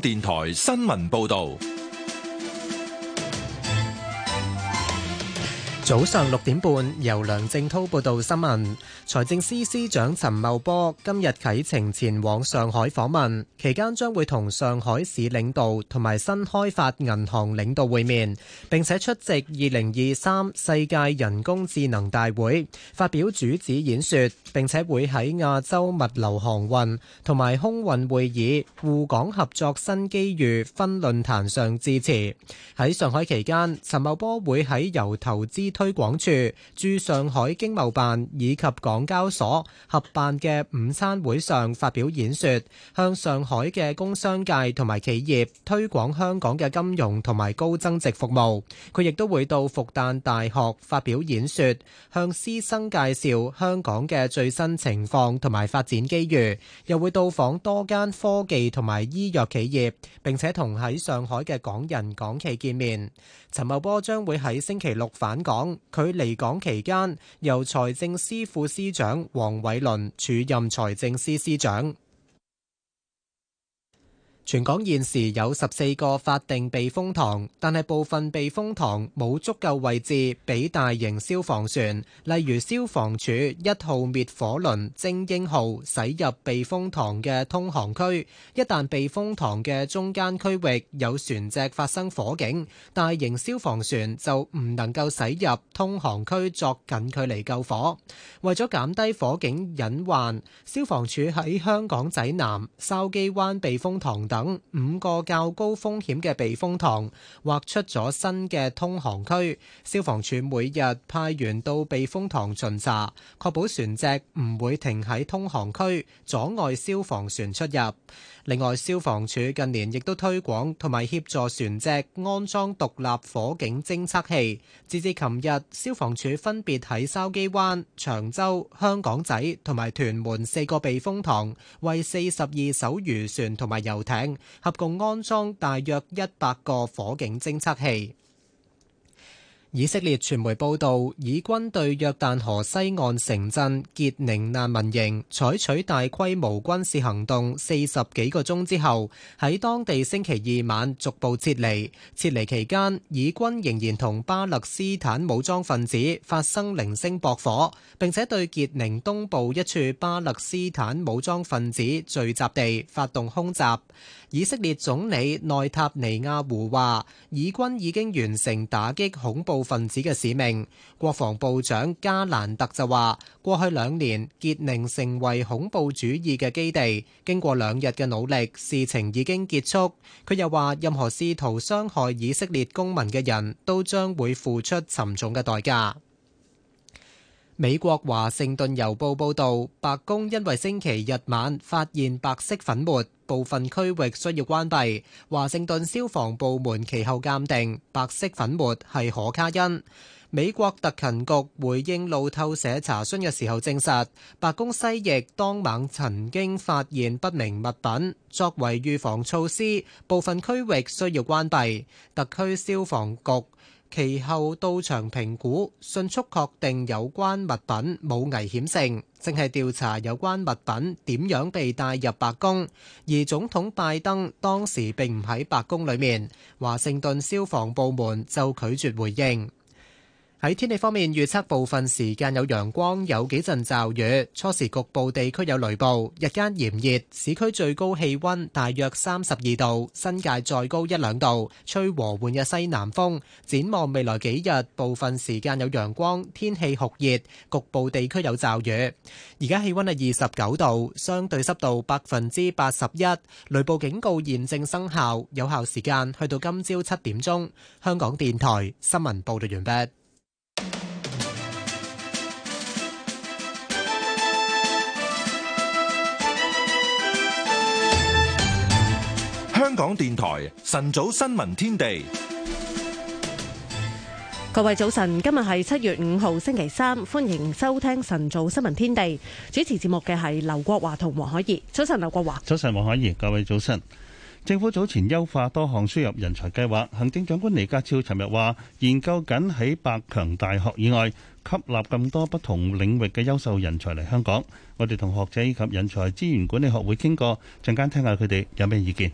電台新聞報道。早上六點半，由梁正滔報道新聞。財政司司長陳茂波今日啟程前往上海訪問，期間將會同上海市領導同埋新開發銀行領導會面，並且出席二零二三世界人工智能大會，發表主旨演說。並且會喺亞洲物流航運同埋空運會議，滬港合作新機遇分論壇上致辭。喺上海期間，陳茂波會喺由投資推推廣處駐上海經貿辦以及港交所合辦嘅午餐會上發表演說，向上海嘅工商界同埋企業推廣香港嘅金融同埋高增值服務。佢亦都會到復旦大學發表演說，向師生介紹香港嘅最新情況同埋發展機遇，又會到訪多間科技同埋醫藥企業，並且同喺上海嘅港人港企見面。陳茂波將會喺星期六返港。佢離港期間由財政司副司長黃偉倫署任財政司司長。全港現時有十四個法定避風塘，但係部分避風塘冇足夠位置俾大型消防船，例如消防處一號滅火輪精英號，駛入避風塘嘅通航區。一旦避風塘嘅中間區域有船隻發生火警，大型消防船就唔能夠駛入通航區作近距離救火。為咗減低火警隱患，消防處喺香港仔南、筲箕灣避風塘等五個較高風險嘅避風塘劃出咗新嘅通航區，消防處每日派員到避風塘巡查，確保船隻唔會停喺通航區阻礙消防船出入。另外，消防處近年亦都推廣同埋協助船隻安裝獨立火警偵測器。截至琴日，消防處分別喺筲箕灣、長洲、香港仔同埋屯門四個避風塘，為四十二艘漁船同埋遊艇，合共安裝大約一百個火警偵測器。以色列傳媒報導，以軍對約旦河西岸城鎮傑寧難民營採取大規模軍事行動四十幾個鐘之後，喺當地星期二晚逐步撤離。撤離期間，以軍仍然同巴勒斯坦武裝分子發生零星駁火，並且對傑寧東部一處巴勒斯坦武裝分子聚集地發動空襲。以色列總理內塔尼亞胡話，以軍已經完成打擊恐怖分子嘅使命。國防部長加蘭特就話：過去兩年，傑寧成為恐怖主義嘅基地。經過兩日嘅努力，事情已經結束。佢又話：任何試圖傷害以色列公民嘅人都將會付出沉重嘅代價。美國華盛頓郵報報道，白宮因為星期日晚發現白色粉末，部分區域需要關閉。華盛頓消防部門其後鑑定白色粉末係可卡因。美國特勤局回應路透社查詢嘅時候證實，白宮西翼當晚曾經發現不明物品，作為預防措施，部分區域需要關閉。特區消防局。其後到場評估，迅速確定有關物品冇危險性，淨係調查有關物品點樣被帶入白宮。而總統拜登當時並唔喺白宮裏面，華盛頓消防部門就拒絕回應。喺天氣方面，預測部分時間有陽光，有幾陣驟雨，初時局部地區有雷暴，日間炎熱，市區最高氣溫大約三十二度，新界再高一兩度，吹和緩嘅西南風。展望未來幾日，部分時間有陽光，天氣酷熱，局部地區有驟雨。而家氣溫係二十九度，相對濕度百分之八十一，雷暴警告現正生效，有效時間去到今朝七點鐘。香港電台新聞報道完畢。港電台晨早新聞天地，各位早晨，今日係七月五號星期三，歡迎收聽晨早新聞天地。主持節目嘅係劉國華同黃海怡。早晨，劉國華，早晨，黃海怡，各位早晨。政府早前優化多項輸入人才計劃，行政長官李家超尋日話，研究緊喺百強大學以外吸納咁多不同領域嘅優秀人才嚟香港。我哋同學者以及人才資源管理學會傾過，陣間聽下佢哋有咩意見。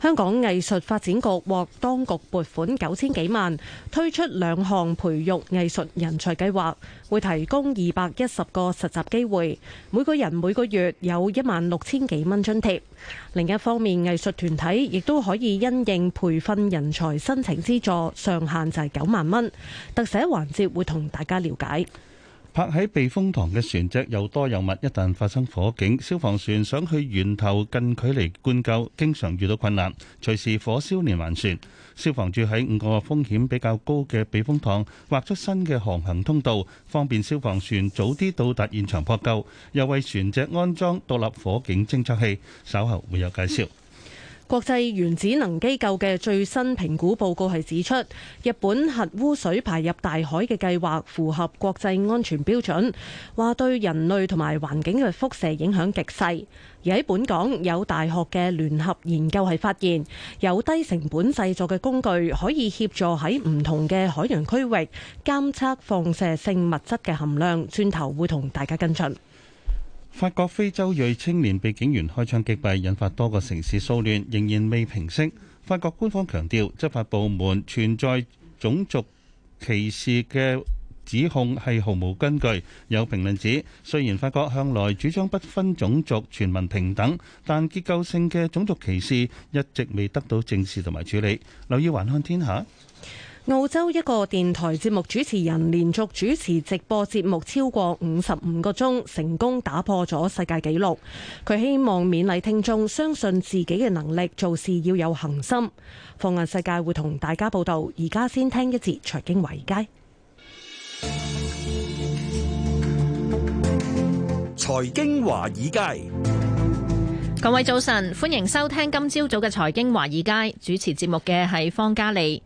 香港藝術發展局獲當局撥款九千幾萬，推出兩項培育藝術人才計劃，會提供二百一十個實習機會，每個人每個月有一萬六千幾蚊津貼。另一方面，藝術團體亦都可以因應培訓人才申請資助，上限就係九萬蚊。特寫環節會同大家了解。泊喺避風塘嘅船隻又多又密，一旦發生火警，消防船想去源頭近距離灌救，經常遇到困難。隨時火燒連環船，消防處喺五個風險比較高嘅避風塘，劃出新嘅航行通道，方便消防船早啲到達現場撲救，又為船隻安裝獨立火警偵測器。稍後會有介紹。國際原子能機構嘅最新評估報告係指出，日本核污水排入大海嘅計劃符合國際安全標準，話對人類同埋環境嘅輻射影響極細。而喺本港，有大學嘅聯合研究係發現，有低成本製作嘅工具可以協助喺唔同嘅海洋區域監測放射性物質嘅含量。轉頭會同大家跟進。法國非洲裔青年被警員開槍擊斃，引發多個城市騷亂，仍然未平息。法國官方強調，執法部門存在種族歧視嘅指控係毫無根據。有評論指，雖然法國向來主張不分種族、全民平等，但結構性嘅種族歧視一直未得到正視同埋處理。留意環看天下。澳洲一個電台節目主持人連續主持直播節目超過五十五個鐘，成功打破咗世界紀錄。佢希望勉勵聽眾，相信自己嘅能力，做事要有恆心。放眼世界，會同大家報道。而家先聽一節財經華爾街。財經華爾街，各位早晨，歡迎收聽今朝早嘅財經華爾街。主持節目嘅係方嘉莉。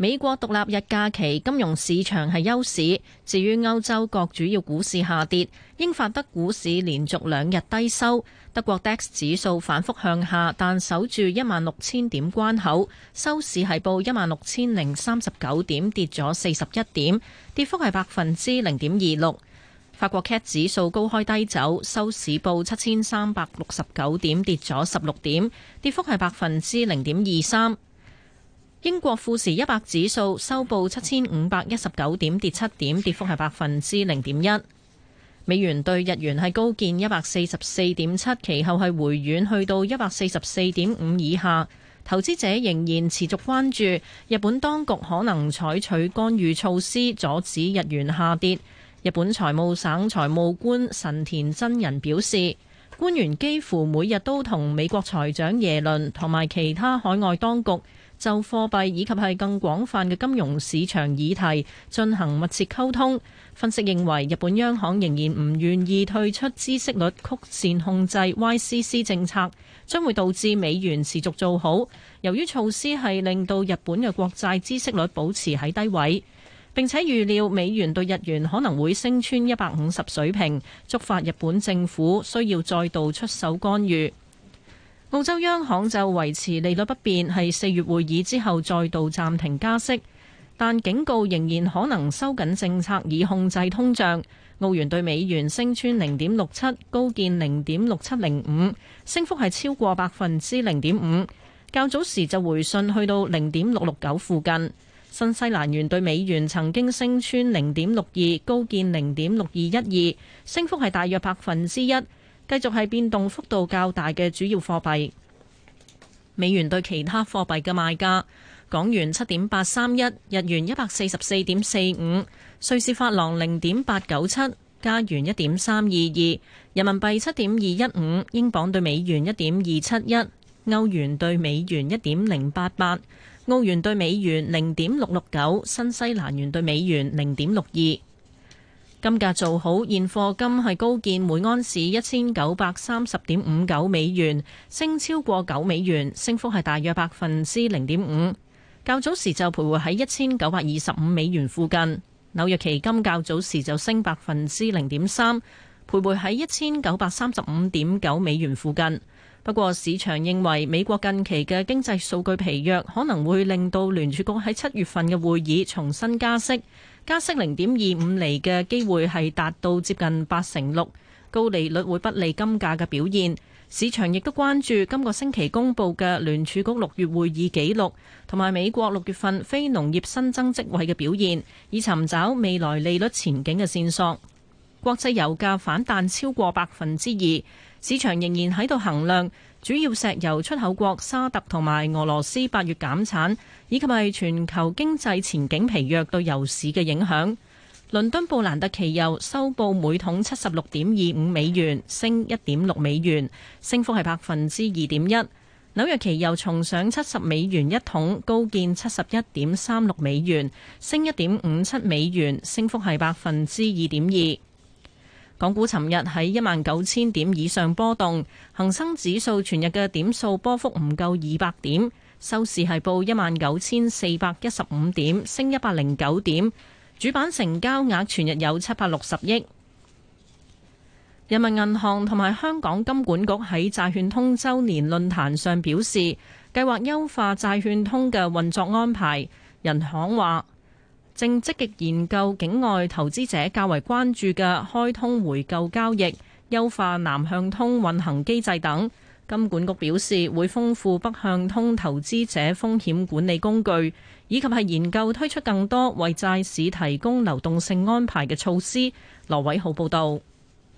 美國獨立日假期，金融市場係休市。至於歐洲各主要股市下跌，英法德股市連續兩日低收。德國 DAX 指數反覆向下，但守住一萬六千點關口，收市係報一萬六千零三十九點，跌咗四十一點，跌幅係百分之零點二六。法國 CAC 指數高開低走，收市報七千三百六十九點，跌咗十六點，跌幅係百分之零點二三。英國富時一百指數收報七千五百一十九點，跌七點，跌幅係百分之零點一。美元對日元係高見一百四十四點七，其後係回軟去到一百四十四點五以下。投資者仍然持續關注日本當局可能採取干預措施阻止日元下跌。日本財務省財務官神田真人表示，官員幾乎每日都同美國財長耶倫同埋其他海外當局。就貨幣以及係更廣泛嘅金融市場議題進行密切溝通。分析認為日本央行仍然唔願意退出孳息率曲線控制 （YCC） 政策，將會導致美元持續做好。由於措施係令到日本嘅國債孳息率保持喺低位，並且預料美元對日元可能會升穿一百五十水平，觸發日本政府需要再度出手干預。澳洲央行就維持利率不變，係四月會議之後再度暫停加息，但警告仍然可能收緊政策以控制通脹。澳元兌美元升穿零點六七，高見零點六七零五，升幅係超過百分之零點五。較早時就回信去到零點六六九附近。新西蘭元兌美元曾經升穿零點六二，高見零點六二一二，升幅係大約百分之一。繼續係變動幅度較大嘅主要貨幣，美元對其他貨幣嘅賣價：港元七點八三一，日元一百四十四點四五，瑞士法郎零點八九七，加元一點三二二，人民幣七點二一五，英鎊對美元一點二七一，歐元對美元一點零八八，澳元對美元零點六六九，新西蘭元對美元零點六二。金價做好，現貨金係高見每盎司一千九百三十點五九美元，升超過九美元，升幅係大約百分之零點五。較早時就徘徊喺一千九百二十五美元附近。紐約期金較早時就升百分之零點三，徘徊喺一千九百三十五點九美元附近。不過市場認為美國近期嘅經濟數據疲弱，可能會令到聯儲局喺七月份嘅會議重新加息。加息零點二五厘嘅機會係達到接近八成六，高利率會不利金價嘅表現。市場亦都關注今個星期公佈嘅聯儲局六月會議紀錄，同埋美國六月份非農業新增職位嘅表現，以尋找未來利率前景嘅線索。國際油價反彈超過百分之二，市場仍然喺度衡量。主要石油出口國沙特同埋俄羅斯八月減產，以及係全球經濟前景疲弱對油市嘅影響。倫敦布蘭特期油收報每桶七十六點二五美元，升一點六美元，升幅係百分之二點一。紐約期油重上七十美元一桶，高見七十一點三六美元，升一點五七美元，升幅係百分之二點二。港股尋日喺一萬九千點以上波動，恒生指數全日嘅點數波幅唔夠二百點，收市係報一萬九千四百一十五點，升一百零九點，主板成交額全日有七百六十億。人民銀行同埋香港金管局喺債券通週年論壇上表示，計劃優化債券通嘅運作安排。人行話，正積極研究境外投資者較為關注嘅開通回購交易、優化南向通運行機制等。金管局表示會豐富北向通投資者風險管理工具，以及係研究推出更多為債市提供流動性安排嘅措施。羅偉浩報道。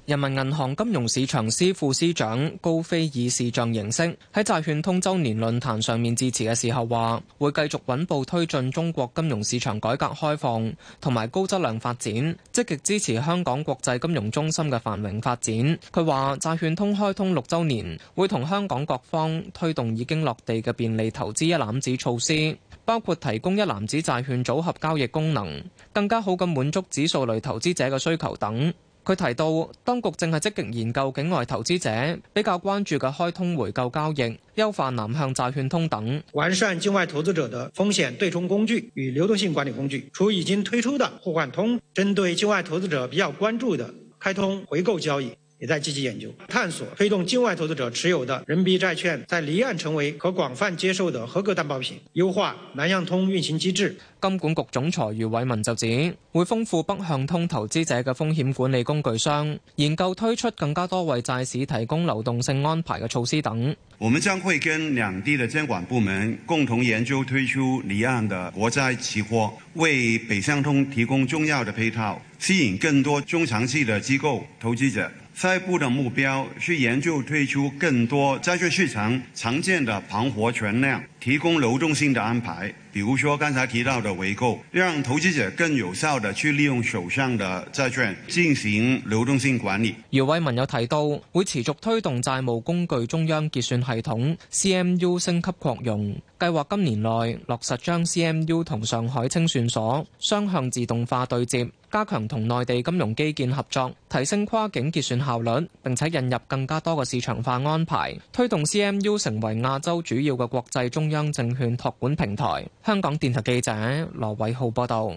人民銀行金融市場司副司長高飛以視像形式喺債券通周年論壇上面致辭嘅時候話，會繼續穩步推進中國金融市場改革開放同埋高質量發展，積極支持香港國際金融中心嘅繁榮發展。佢話債券通開通六周年，會同香港各方推動已經落地嘅便利投資一攬子措施，包括提供一攬子債券組合交易功能，更加好咁滿足指數類投資者嘅需求等。佢提到，當局正係積極研究境外投資者比較關注嘅開通回購交易、優化南向債券通等，完善境外投資者的風險對沖工具與流動性管理工具，除已經推出的互換通，針對境外投資者比較關注的開通回購交易。也在積極研究探索，推動境外投資者持有的人民幣債券在離岸成為可廣泛接受的合格擔保品，優化南向通運行機制。金管局總裁余偉文就指，會豐富北向通投資者嘅風險管理工具箱，研究推出更加多為債市提供流動性安排嘅措施等。我們將會跟兩地的監管部門共同研究推出離岸的國債期貨，為北向通提供重要的配套，吸引更多中長期的機構投資者。下一步的目標是研究推出更多債券市場常見的盤活存量、提供流動性的安排。比如說，剛才提到的回購，讓投資者更有效地去利用手上的債券進行流動性管理。姚偉文有提到會持續推動債務工具中央結算系統 C M U 升級擴容，計劃今年內落實將 C M U 同上海清算所雙向自動化對接，加強同內地金融基建合作，提升跨境結算效率。並且引入更加多嘅市場化安排，推動 C M U 成為亞洲主要嘅國際中央證券托管平台。香港電台記者羅偉浩報道，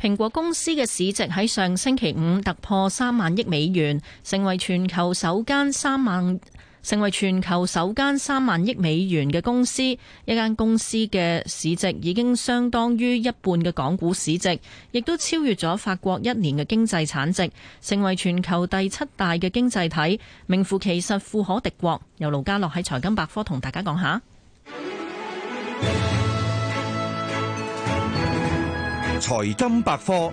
蘋果公司嘅市值喺上星期五突破三萬億美元，成為全球首間三萬成為全球首間三萬億美元嘅公司。一間公司嘅市值已經相當於一半嘅港股市值，亦都超越咗法國一年嘅經濟產值，成為全球第七大嘅經濟體，名副其實富可敵國。由盧家樂喺財金百科，同大家講下。財金百科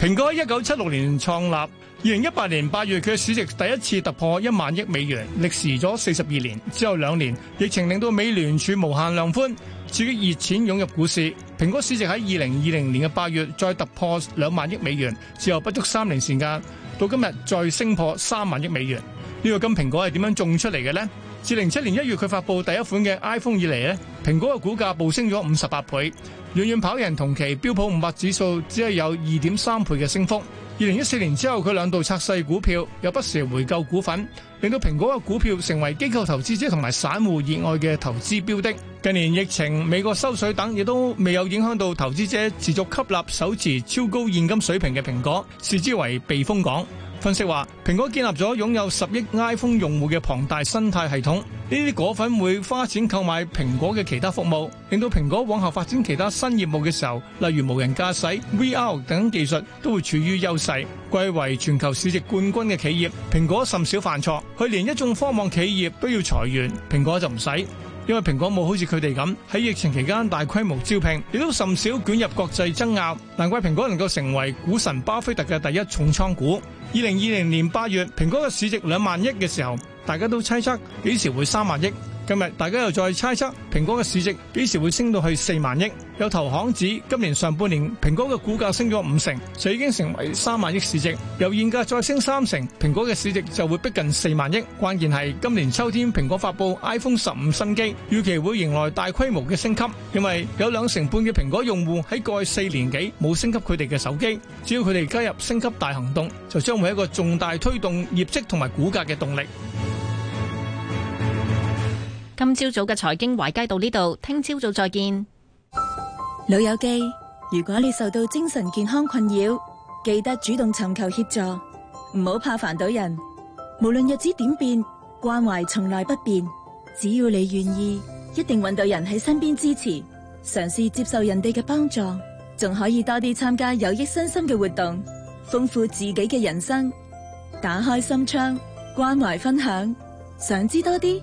蘋果喺一九七六年創立，二零一八年八月佢嘅市值第一次突破一萬億美元，歷時咗四十二年。之後兩年疫情令到美聯儲無限量寬，至於熱錢湧入股市。蘋果市值喺二零二零年嘅八月再突破兩萬億美元，之後不足三年時間到今日再升破三萬億美元。呢個金蘋果係點樣種出嚟嘅呢？自零七年一月佢發布第一款嘅 iPhone 以嚟呢蘋果嘅股價暴升咗五十八倍。遠遠跑贏同期標普五百指數只係有二點三倍嘅升幅。二零一四年之後佢兩度拆細股票，又不時回購股份，令到蘋果嘅股票成為機構投資者同埋散戶熱愛嘅投資標的。近年疫情、美國收水等亦都未有影響到投資者持續吸納、手持超高現金水平嘅蘋果，視之為避風港。分析話，蘋果建立咗擁有十億 iPhone 用戶嘅龐大生態系統，呢啲果粉會花錢購買蘋果嘅其他服務，令到蘋果往後發展其他新業務嘅時候，例如無人駕駛、VR 等技術，都會處於優勢。貴為全球市值冠軍嘅企業，蘋果甚少犯錯，佢連一眾科網企業都要裁員，蘋果就唔使。因為蘋果冇好似佢哋咁喺疫情期間大規模招聘，亦都甚少捲入國際爭拗，難怪蘋果能夠成為股神巴菲特嘅第一重倉股。二零二零年八月，蘋果嘅市值兩萬億嘅時候，大家都猜測幾時會三萬億。今日大家又再猜測蘋果嘅市值幾時會升到去四萬億？有投行指今年上半年蘋果嘅股價升咗五成，就已經成為三萬億市值。由現價再升三成，蘋果嘅市值就會逼近四萬億。關鍵係今年秋天蘋果發布 iPhone 十五新機，預期會迎來大規模嘅升級，因為有兩成半嘅蘋果用戶喺過去四年幾冇升級佢哋嘅手機。只要佢哋加入升級大行動，就將會有一個重大推動業績同埋股價嘅動力。今朝早嘅財經懷街到呢度，聽朝早再見。老友記，如果你受到精神健康困擾，記得主動尋求協助，唔好怕煩到人。無論日子點變，關懷從來不變。只要你願意，一定揾到人喺身邊支持。嘗試接受人哋嘅幫助，仲可以多啲參加有益身心嘅活動，豐富自己嘅人生。打開心窗，關懷分享，想知多啲，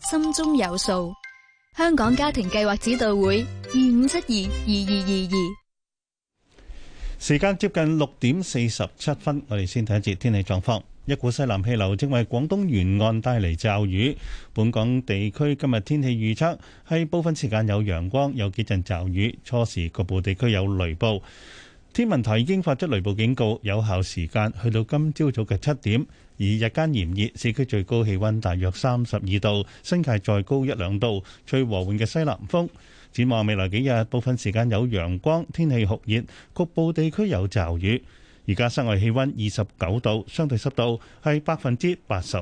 心中有數，香港家庭計劃指導會二五七二二二二二。時間接近六點四十七分，我哋先睇一節天氣狀況。一股西南氣流正為廣東沿岸帶嚟驟雨，本港地區今日天氣預測係部分時間有陽光，有幾陣驟雨，初時局部地區有雷暴。天文台已經發出雷暴警告，有效時間去到今朝早嘅七點。而日間炎熱，市區最高氣温大約三十二度，新界再高一兩度。吹和緩嘅西南風。展望未來幾日，部分時間有陽光，天氣酷熱，局部地區有驟雨。而家室外氣温二十九度，相對濕度係百分之八十。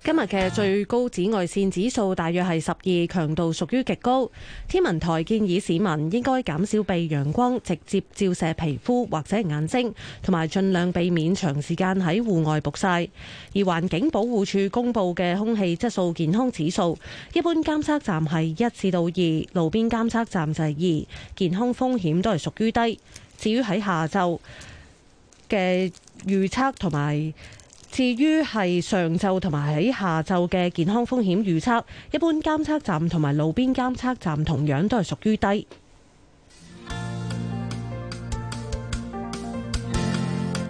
今日嘅最高紫外線指數大約係十二，強度屬於極高。天文台建議市民應該減少被陽光直接照射皮膚或者眼睛，同埋盡量避免長時間喺戶外曝曬。而環境保護署公布嘅空氣質素健康指數，一般監測站係一至到二，路邊監測站就係二，健康風險都係屬於低。至於喺下晝嘅預測同埋。至於係上晝同埋喺下晝嘅健康風險預測，一般監測站同埋路邊監測站同樣都係屬於低。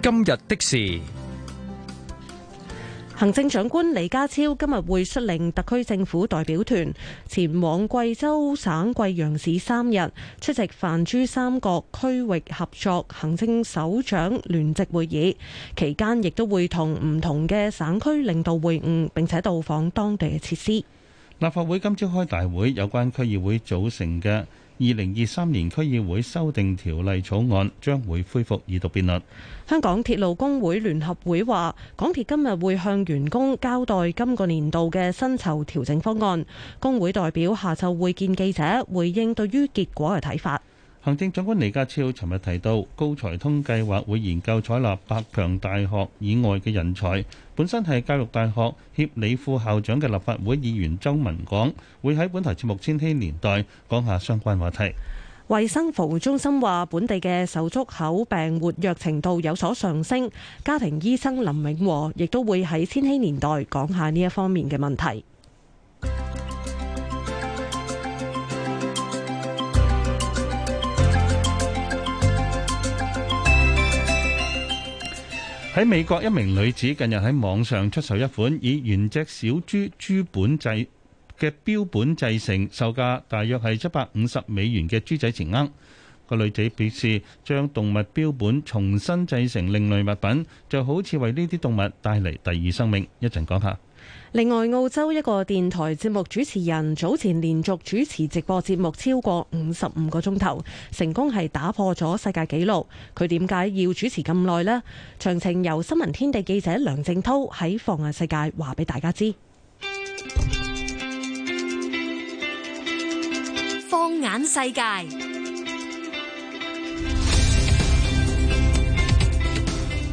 今日嘅事。行政長官李家超今日會率領特區政府代表團前往貴州省貴陽市三日，出席泛珠三角區域合作行政首長聯席會議。期間亦都會同唔同嘅省區領導會晤，並且到訪當地嘅設施。立法會今朝開大會，有關區議會組成嘅。二零二三年區議會修訂條例草案將會恢復二讀辯論。香港鐵路工會聯合會話，港鐵今日會向員工交代今個年度嘅薪酬調整方案。工會代表下晝會見記者，回應對於結果嘅睇法。行政長官李家超尋日提到，高才通計劃會研究採納百強大學以外嘅人才。本身係教育大學協理副校長嘅立法會議員周文港，會喺本台節目《千禧年代》講下相關話題。衞生服務中心話，本地嘅手足口病活躍程度有所上升。家庭醫生林永和亦都會喺《千禧年代》講下呢一方面嘅問題。.喺美國，一名女子近日喺網上出售一款以原隻小豬豬本製嘅標本製成，售價大約係一百五十美元嘅豬仔錢罌。個女子表示，將動物標本重新製成另類物品，就好似為呢啲動物帶嚟第二生命。說一陣講下。另外，澳洲一個電台節目主持人早前連續主持直播節目超過五十五個鐘頭，成功係打破咗世界紀錄。佢點解要主持咁耐呢？詳情由新聞天地記者梁正濤喺放眼世界話俾大家知。放眼世界。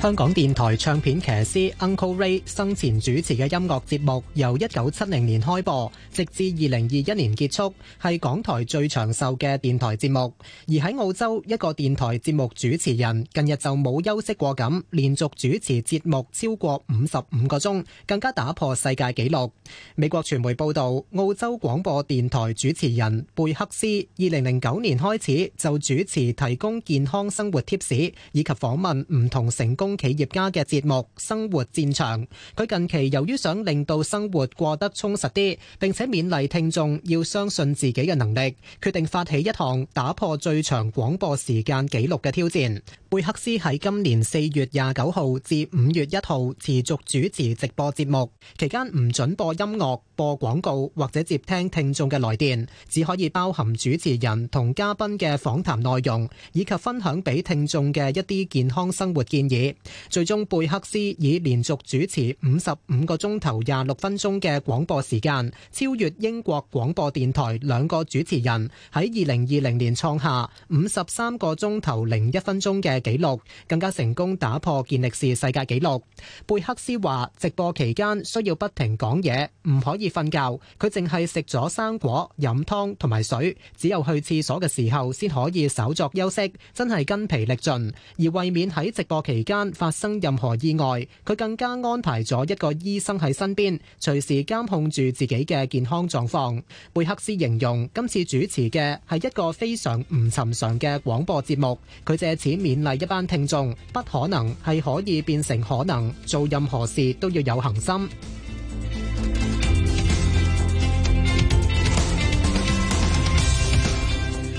香港電台唱片騎師 Uncle Ray 生前主持嘅音樂節目，由一九七零年開播，直至二零二一年結束，係港台最長壽嘅電台節目。而喺澳洲，一個電台節目主持人近日就冇休息過咁，連續主持節目超過五十五個鐘，更加打破世界紀錄。美國傳媒報道，澳洲廣播電台主持人貝克斯，二零零九年開始就主持提供健康生活貼士，以及訪問唔同成功企業家嘅節目《生活戰場》，佢近期由於想令到生活過得充實啲，並且勉勵聽眾要相信自己嘅能力，決定發起一項打破最長廣播時間紀錄嘅挑戰。貝克斯喺今年四月廿九號至五月一號持續主持直播節目，期間唔准播音樂。播廣告或者接聽聽眾嘅來電，只可以包含主持人同嘉賓嘅訪談內容，以及分享俾聽眾嘅一啲健康生活建議。最終，貝克斯以連續主持五十五個鐘頭廿六分鐘嘅廣播時間，超越英國廣播電台兩個主持人喺二零二零年創下五十三個鐘頭零一分鐘嘅紀錄，更加成功打破健力士世界紀錄。貝克斯話：直播期間需要不停講嘢，唔可以。瞓覺，佢淨係食咗生果、飲湯同埋水，只有去廁所嘅時候先可以稍作休息，真係筋疲力盡。而為免喺直播期間發生任何意外，佢更加安排咗一個醫生喺身邊，隨時監控住自己嘅健康狀況。貝克斯形容今次主持嘅係一個非常唔尋常嘅廣播節目，佢借此勉勵一班聽眾：不可能係可以變成可能，做任何事都要有恒心。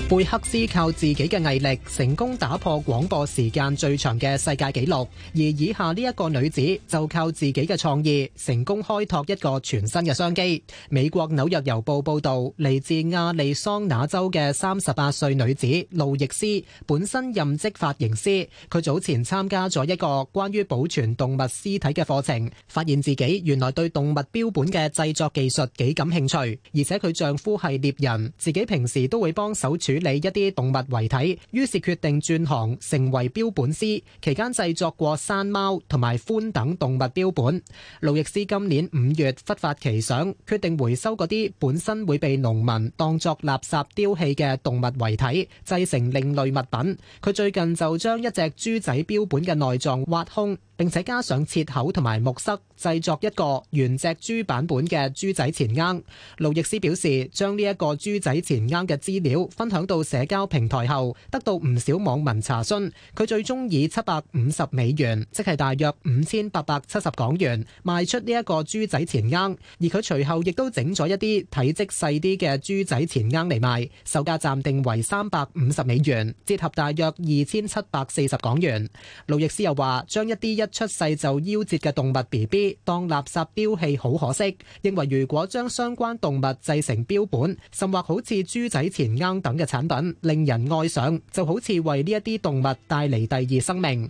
貝克斯靠自己嘅毅力成功打破廣播時間最長嘅世界紀錄，而以下呢一個女子就靠自己嘅創意成功開拓一個全新嘅商機。美國紐約郵報報道，嚟自亞利桑那州嘅三十八歲女子路易斯，本身任職髮型師，佢早前參加咗一個關於保存動物屍體嘅課程，發現自己原來對動物標本嘅製作技術幾感興趣，而且佢丈夫係獵人，自己平時都會幫手處理，理一啲動物遺體，於是決定轉行成為標本師。期間製作過山貓同埋獾等動物標本。路易斯今年五月忽發奇想，決定回收嗰啲本身會被農民當作垃圾丟棄嘅動物遺體，製成另類物品。佢最近就將一隻豬仔標本嘅內臟挖空，並且加上切口同埋木塞，製作一個原隻豬版本嘅豬仔錢罌。路易斯表示，將呢一個豬仔錢罌嘅資料分享到社交平台後，得到唔少網民查詢，佢最終以七百五十美元，即係大約五千八百七十港元，賣出呢一個豬仔錢罌。而佢隨後亦都整咗一啲體積細啲嘅豬仔錢罌嚟賣，售價暫定為三百五十美元，折合大約二千七百四十港元。路易斯又話：將一啲一出世就夭折嘅動物 B B 當垃圾丟棄好可惜，認為如果將相關動物製成標本，甚或好似豬仔錢罌等嘅產。等等，令人愛上，就好似為呢一啲動物帶嚟第二生命。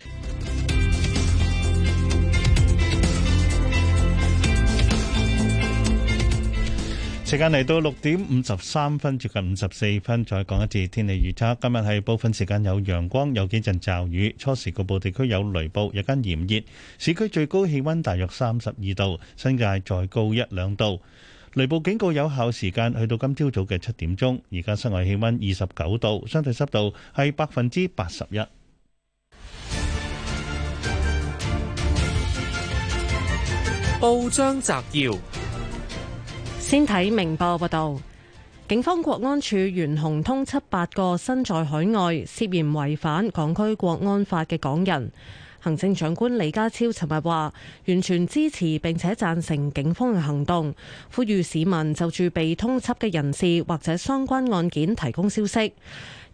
時間嚟到六點五十三分，接近五十四分，再講一次天氣預測。今日係部分時間有陽光，有幾陣驟雨。初時局部地區有雷暴，日間炎熱，市區最高氣温大約三十二度，新界再高一兩度。雷暴警告有效時間去到今朝早嘅七點鐘，而家室外氣溫二十九度，相對濕度係百分之八十一。報章摘要，先睇明報報道，警方國安處懸紅通七八個身在海外涉嫌違反港區國安法嘅港人。行政長官李家超尋日話：完全支持並且贊成警方嘅行動，呼籲市民就住被通緝嘅人士或者相關案件提供消息。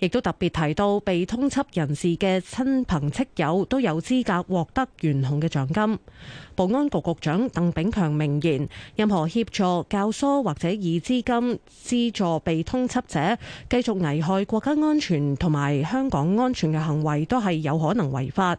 亦都特別提到，被通緝人士嘅親朋戚友都有資格獲得懸紅嘅獎金。保安局局長鄧炳強明言：任何協助教唆或者以資金資助被通緝者繼續危害國家安全同埋香港安全嘅行為，都係有可能違法。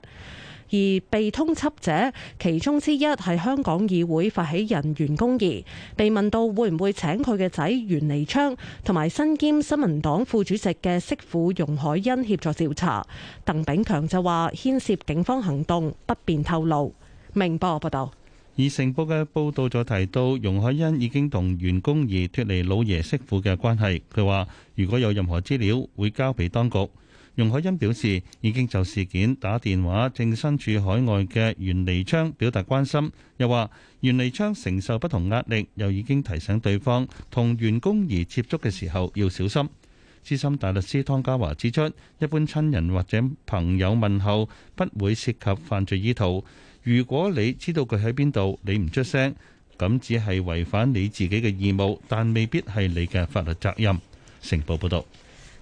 而被通緝者，其中之一係香港議會發起人袁公儀。被問到會唔會請佢嘅仔袁尼昌同埋身兼新民黨副主席嘅媳婦容海恩協助調查，鄧炳強就話牽涉警方行動，不便透露。明報、啊、報道，以《城報》嘅報道就提到，容海恩已經同袁公儀脫離老爺媳婦嘅關係。佢話如果有任何資料，會交俾當局。容海恩表示，已經就事件打電話，正身處海外嘅袁彌昌表達關心。又話袁彌昌承受不同壓力，又已經提醒對方同袁弓夷接觸嘅時候要小心。資深大律師湯家驊指出，一般親人或者朋友問候不會涉及犯罪意圖。如果你知道佢喺邊度，你唔出聲咁，只係違反你自己嘅義務，但未必係你嘅法律責任。成報報導，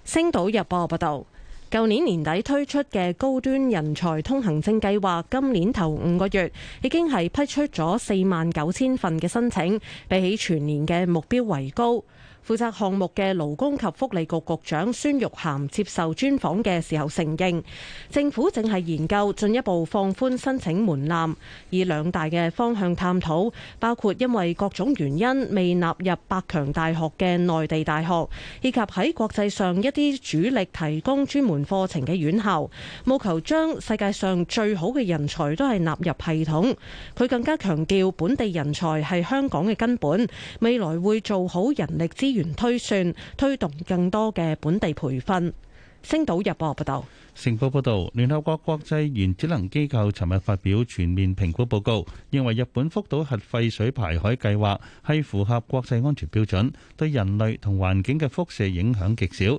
星島日報報道。舊年年底推出嘅高端人才通行證計劃，今年頭五個月已經係批出咗四萬九千份嘅申請，比起全年嘅目標為高。負責項目嘅勞工及福利局局長孫玉菡接受專訪嘅時候承認，政府正係研究進一步放寬申請門檻，以兩大嘅方向探討，包括因為各種原因未納入百強大學嘅內地大學，以及喺國際上一啲主力提供專門課程嘅院校，務求將世界上最好嘅人才都係納入系統。佢更加強調本地人才係香港嘅根本，未來會做好人力資。推算推動更多嘅本地培訓。星島日報報道，成報報道，聯合國國際原子能機構尋日發表全面評估報告，認為日本福島核廢水排海計劃係符合國際安全標準，對人類同環境嘅輻射影響極少。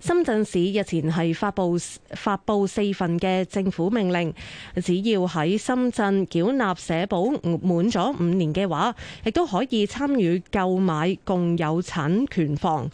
深圳市日前係發布發布四份嘅政府命令，只要喺深圳繳納社保滿咗五年嘅話，亦都可以參與購買共有產權房。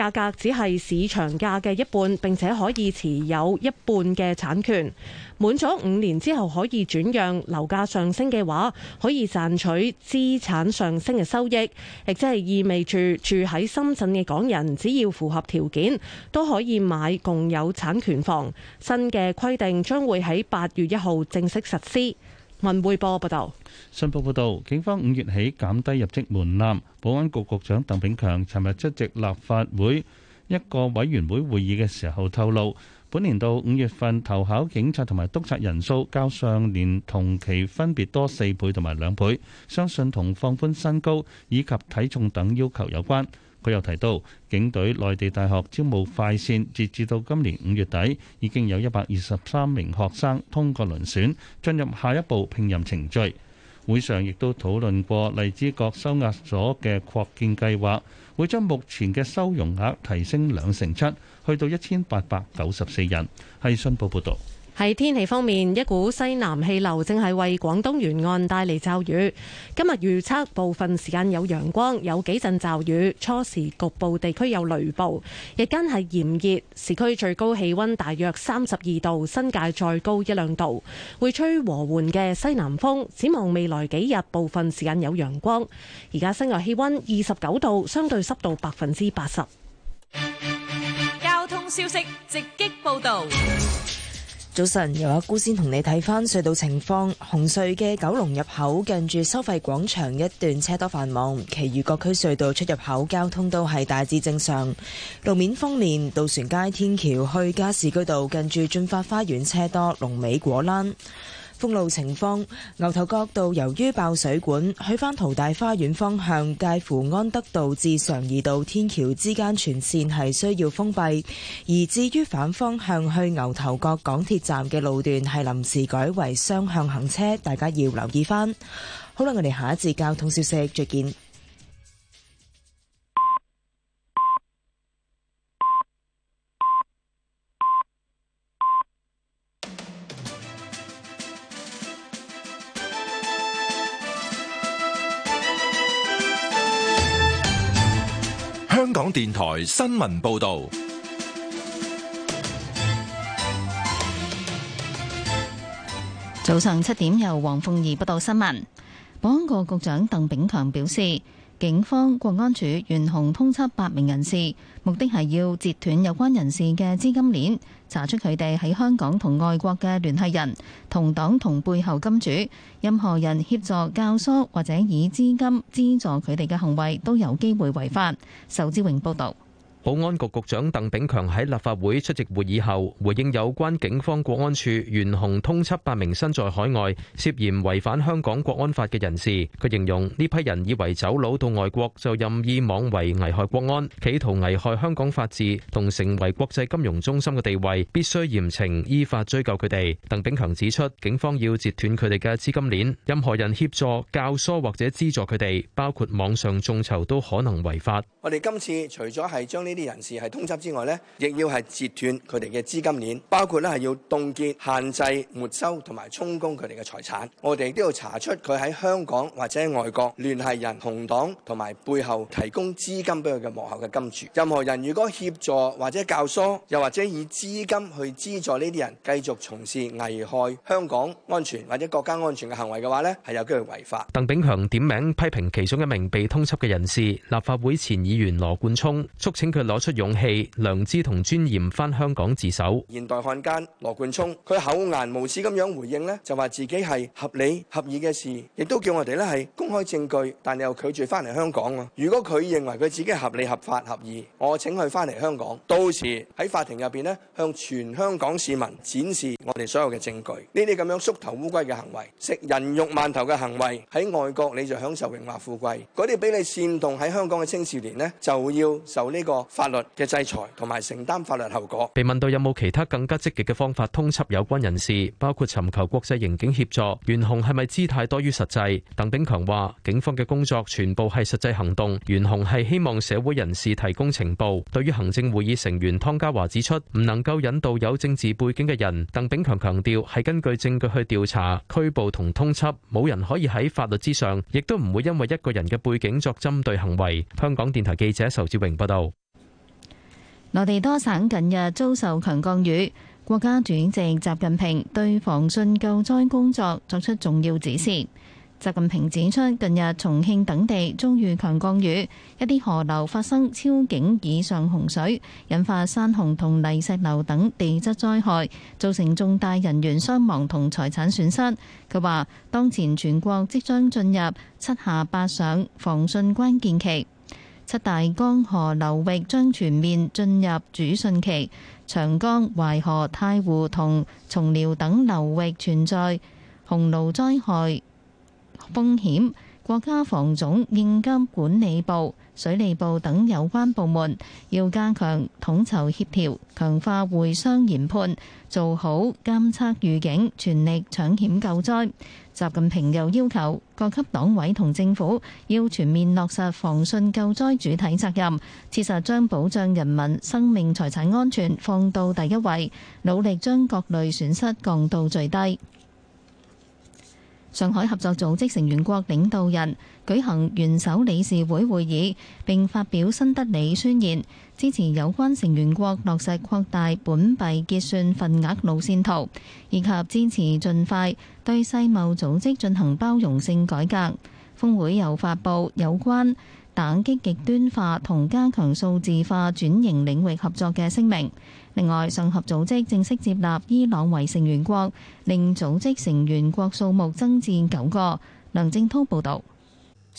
價格只係市場價嘅一半，並且可以持有一半嘅產權。滿咗五年之後可以轉讓，樓價上升嘅話，可以賺取資產上升嘅收益。亦即係意味住住喺深圳嘅港人，只要符合條件，都可以買共有產權房。新嘅規定將會喺八月一號正式實施。文匯報報道，信報報道，警方五月起減低入職門檻。保安局局長鄧炳強尋日出席立法會一個委員會會議嘅時候透露，本年度五月份投考警察同埋督察人數較上年同期分別多四倍同埋兩倍，相信同放寬身高以及體重等要求有關。佢又提到，警隊內地大學招募快線截至到今年五月底，已經有一百二十三名學生通過遴選進入下一步聘任程序。會上亦都討論過荔枝角收押所嘅擴建計劃，會將目前嘅收容額提升兩成七，去到一千八百九十四人。係信報報道。喺天氣方面，一股西南氣流正係為廣東沿岸帶嚟驟雨今日預測部分時間有陽光，有幾陣驟雨，初時局部地區有雷暴。日間係炎熱，市區最高氣溫大約三十二度，新界再高一兩度，會吹和緩嘅西南風。展望未來幾日，部分時間有陽光。而家室外氣溫二十九度，相對濕度百分之八十。交通消息直擊報道。早晨，由阿姑先同你睇翻隧道情況。紅隧嘅九龍入口近住收費廣場一段車多繁忙，其餘各區隧道出入口交通都係大致正常。路面方面，渡船街天橋去加士居道近住駿發花園車多，龍尾果欄。封路情況，牛頭角道由於爆水管，去返淘大花園方向介乎安德道至常怡道天橋之間全線係需要封閉，而至於反方向去牛頭角港鐵站嘅路段係臨時改為雙向行車，大家要留意翻。好啦，我哋下一節交通消息再見。香港電台新聞報道，早上七點由黃鳳儀報道新聞。保安局局長鄧炳強表示，警方國安處懸紅通緝八名人士，目的係要截斷有關人士嘅資金鏈。查出佢哋喺香港同外國嘅聯繫人、同黨同背後金主，任何人協助教唆或者以資金資助佢哋嘅行為都有機會違法。仇志榮報道。保安局局長鄧炳強喺立法會出席會議後，回應有關警方國安處懸紅通緝八名身在海外涉嫌違反香港國安法嘅人士。佢形容呢批人以為走佬到外國就任意妄為，危害國安，企圖危害香港法治，同成為國際金融中心嘅地位，必須嚴懲，依法追究佢哋。鄧炳強指出，警方要截斷佢哋嘅資金鏈，任何人協助、教唆或者資助佢哋，包括網上眾籌，都可能違法。我哋今次除咗係將呢。呢啲人士係通緝之外呢，亦要係截斷佢哋嘅資金鏈，包括咧係要凍結、限制、沒收同埋充公佢哋嘅財產，我哋都要查出佢喺香港或者外國聯繫人、同黨同埋背後提供資金俾佢嘅幕後嘅金主。任何人如果協助或者教唆，又或者以資金去資助呢啲人繼續從事危害香港安全或者國家安全嘅行為嘅話呢，係有機會違法。鄧炳強點名批評其中一名被通緝嘅人士，立法會前議員羅冠聰促請佢。攞出勇氣、良知同尊嚴，翻香港自首。現代漢奸羅冠聰，佢厚顏無恥咁樣回應咧，就話自己係合理合義嘅事，亦都叫我哋咧係公開證據，但又拒絕翻嚟香港。如果佢認為佢自己係合理合法合義，我請佢翻嚟香港，到時喺法庭入邊咧向全香港市民展示我哋所有嘅證據。呢啲咁樣縮頭烏龜嘅行為，食人肉饅頭嘅行為，喺外國你就享受榮華富貴，嗰啲俾你煽動喺香港嘅青少年咧，就要受呢個。法律嘅制裁同埋承擔法律後果。被問到有冇其他更加積極嘅方法通緝有關人士，包括尋求國際刑警協助懸，是不是，懸紅係咪姿態多於實際？鄧炳強話警方嘅工作全部係實際行動，懸紅係希望社會人士提供情報。對於行政會議成員湯家驊指出，唔能夠引渡有政治背景嘅人。鄧炳強強調係根據證據去調查、拘捕同通緝，冇人可以喺法律之上，亦都唔會因為一個人嘅背景作針對行為。香港電台記者仇志榮報道。內地多省近日遭受強降雨，國家主席習近平對防汛救災工作作出重要指示。習近平指出，近日重慶等地遭遇強降雨，一啲河流發生超警以上洪水，引發山洪同泥石流等地質災害，造成重大人員傷亡同財產損失。佢話，當前全國即將進入七下八上防汛關鍵期。七大江河流域將全面進入主汛期，長江、淮河、太湖同松遼等流域存在洪澇災害風險。國家防總、應急管理部、水利部等有關部門要加強統籌協調，強化會商研判，做好監測預警，全力搶險救災。習近平又要求各級黨委同政府要全面落實防汛救災主體責任，切實將保障人民生命財產安全放到第一位，努力將各類損失降到最低。上海合作組織成員國領導人舉行元首理事會會議，並發表新德里宣言，支持有關成員國落實擴大本幣結算份額路線圖，以及支持盡快對世貿組織進行包容性改革。峰會又發佈有關打擊極端化同加強數字化轉型領域合作嘅聲明。另外，上合組織正式接納伊朗為成員國，令組織成員國數目增至九個，梁正濤報道。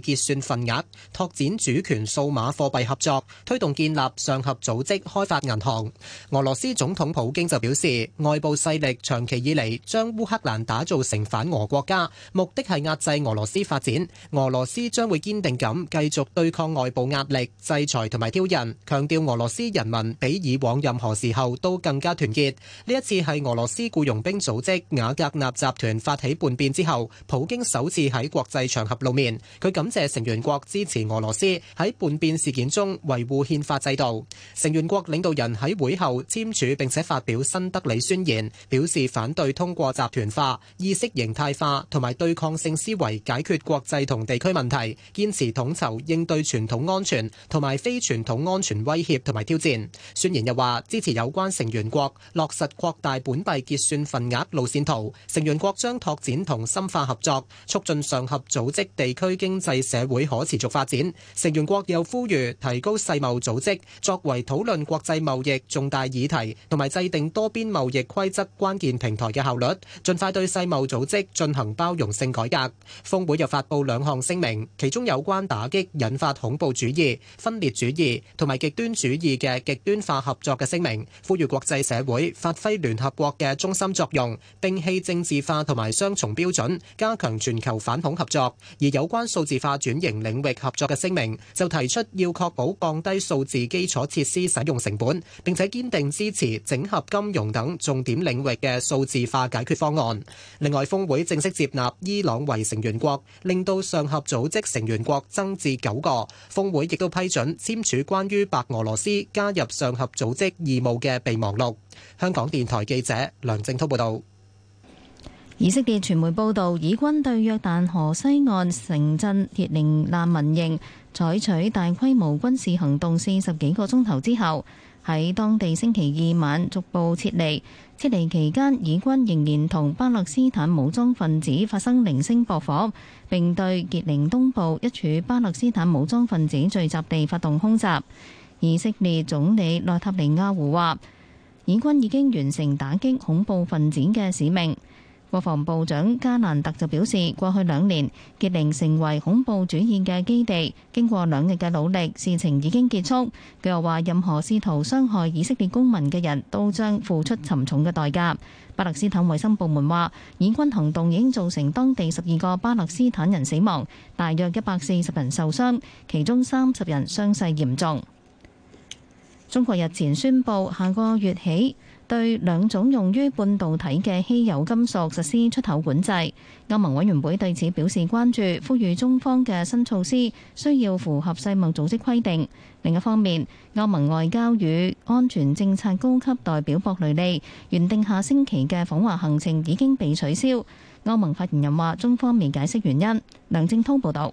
結算份額，拓展主權數碼貨幣合作，推動建立上合組織開發銀行。俄羅斯總統普京就表示，外部勢力長期以嚟將烏克蘭打造成反俄國家，目的係壓制俄羅斯發展。俄羅斯將會堅定咁繼續對抗外部壓力、制裁同埋挑釁，強調俄羅斯人民比以往任何時候都更加團結。呢一次係俄羅斯僱傭兵組織瓦格納集團發起叛變之後，普京首次喺國際場合露面。佢。感謝成員國支持俄羅斯喺叛變事件中維護憲法制度。成員國領導人喺會後簽署並且發表新德里宣言，表示反對通過集團化、意識形態化同埋對抗性思維解決國際同地區問題，堅持統籌應對傳統安全同埋非傳統安全威脅同埋挑戰。宣言又話支持有關成員國落實擴大本幣結算份額路線圖。成員國將拓展同深化合作，促進上合組織地區經濟。世社會可持續發展，成員國又呼籲提高世貿組織作為討論國際貿易重大議題同埋制定多邊貿易規則關鍵平台嘅效率，盡快對世貿組織進行包容性改革。峯會又發布兩項聲明，其中有關打擊引發恐怖主義、分裂主義同埋極端主義嘅極端化合作嘅聲明，呼籲國際社會發揮聯合國嘅中心作用，摒棄政治化同埋雙重標準，加強全球反恐合作，而有關數字化轉型領域合作嘅聲明就提出要確保降低數字基礎設施使用成本，並且堅定支持整合金融等重點領域嘅數字化解決方案。另外，峯會正式接納伊朗為成員國，令到上合組織成員國增至九個。峯會亦都批准簽署關於白俄羅斯加入上合組織義務嘅備忘錄。香港電台記者梁正濤報道。以色列傳媒報道，以軍對約旦河西岸城鎮傑寧難民營採取大規模軍事行動四十幾個鐘頭之後，喺當地星期二晚逐步撤離。撤離期間，以軍仍然同巴勒斯坦武裝分子發生零星駁火，並對傑寧東部一處巴勒斯坦武裝分子聚集地發動空襲。以色列總理內塔尼亞胡話，以軍已經完成打擊恐怖分子嘅使命。國防部長加蘭特就表示，過去兩年，傑寧成為恐怖主義嘅基地。經過兩日嘅努力，事情已經結束。佢又話，任何試圖傷害以色列公民嘅人都將付出沉重嘅代價。巴勒斯坦衛生部門話，以軍行動已經造成當地十二個巴勒斯坦人死亡，大約一百四十人受傷，其中三十人傷勢嚴重。中國日前宣布，下個月起，對兩種用於半導體嘅稀有金屬實施出口管制，歐盟委員會對此表示關注，呼籲中方嘅新措施需要符合世貿組織規定。另一方面，歐盟外交與安全政策高級代表博雷利原定下星期嘅訪華行程已經被取消，歐盟發言人話：中方未解釋原因。梁正通報道。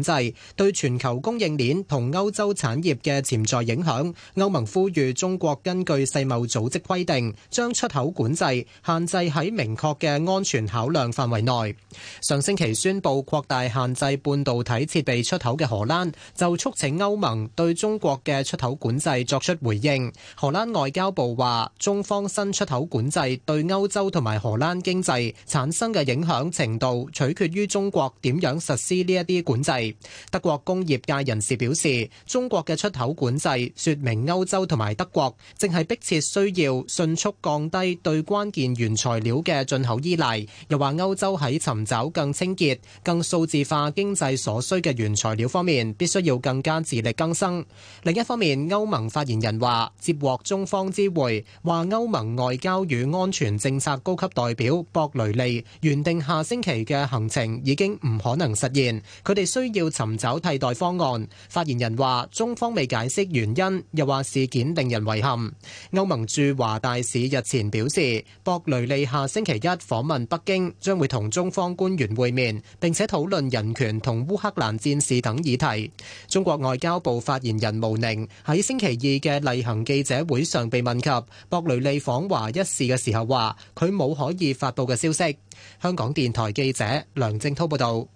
管制對全球供應鏈同歐洲產業嘅潛在影響，歐盟呼籲中國根據世貿組織規定，將出口管制限制喺明確嘅安全考量範圍內。上星期宣布擴大限制半導體設備出口嘅荷蘭，就促請歐盟對中國嘅出口管制作出回應。荷蘭外交部話，中方新出口管制對歐洲同埋荷蘭經濟產生嘅影響程度，取決於中國點樣實施呢一啲管制。德國工業界人士表示，中國嘅出口管制說明歐洲同埋德國正係迫切需要迅速降低對關鍵原材料嘅進口依賴。又話歐洲喺尋找更清潔、更數字化經濟所需嘅原材料方面，必須要更加自力更生。另一方面，歐盟發言人話，接獲中方知會，話歐盟外交與安全政策高級代表博雷利原定下星期嘅行程已經唔可能實現，佢哋需要。要尋找替代方案。發言人話：中方未解釋原因，又話事件令人遺憾。歐盟駐華大使日前表示，博雷利下星期一訪問北京，將會同中方官員會面，並且討論人權同烏克蘭戰事等議題。中國外交部發言人毛寧喺星期二嘅例行記者會上被問及博雷利訪華一事嘅時候話：佢冇可以發佈嘅消息。香港電台記者梁正滔報道。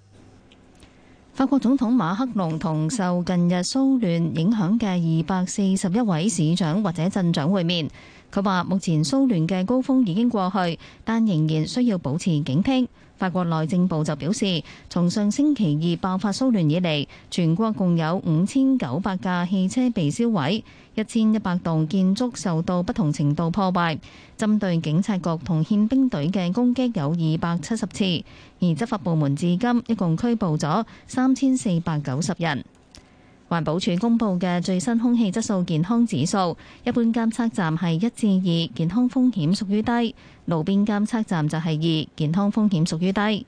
法國總統馬克龍同受近日騷亂影響嘅二百四十一位市長或者鎮長會面。佢話目前騷亂嘅高峰已經過去，但仍然需要保持警惕。法國內政部就表示，從上星期二爆發騷亂以嚟，全國共有五千九百架汽車被燒毀。一千一百棟建築受到不同程度破壞，針對警察局同憲兵隊嘅攻擊有二百七十次，而執法部門至今一共拘捕咗三千四百九十人。環保署公布嘅最新空氣質素健康指數，一般監測站係一至二，健康風險屬於低；路邊監測站就係二，健康風險屬於低。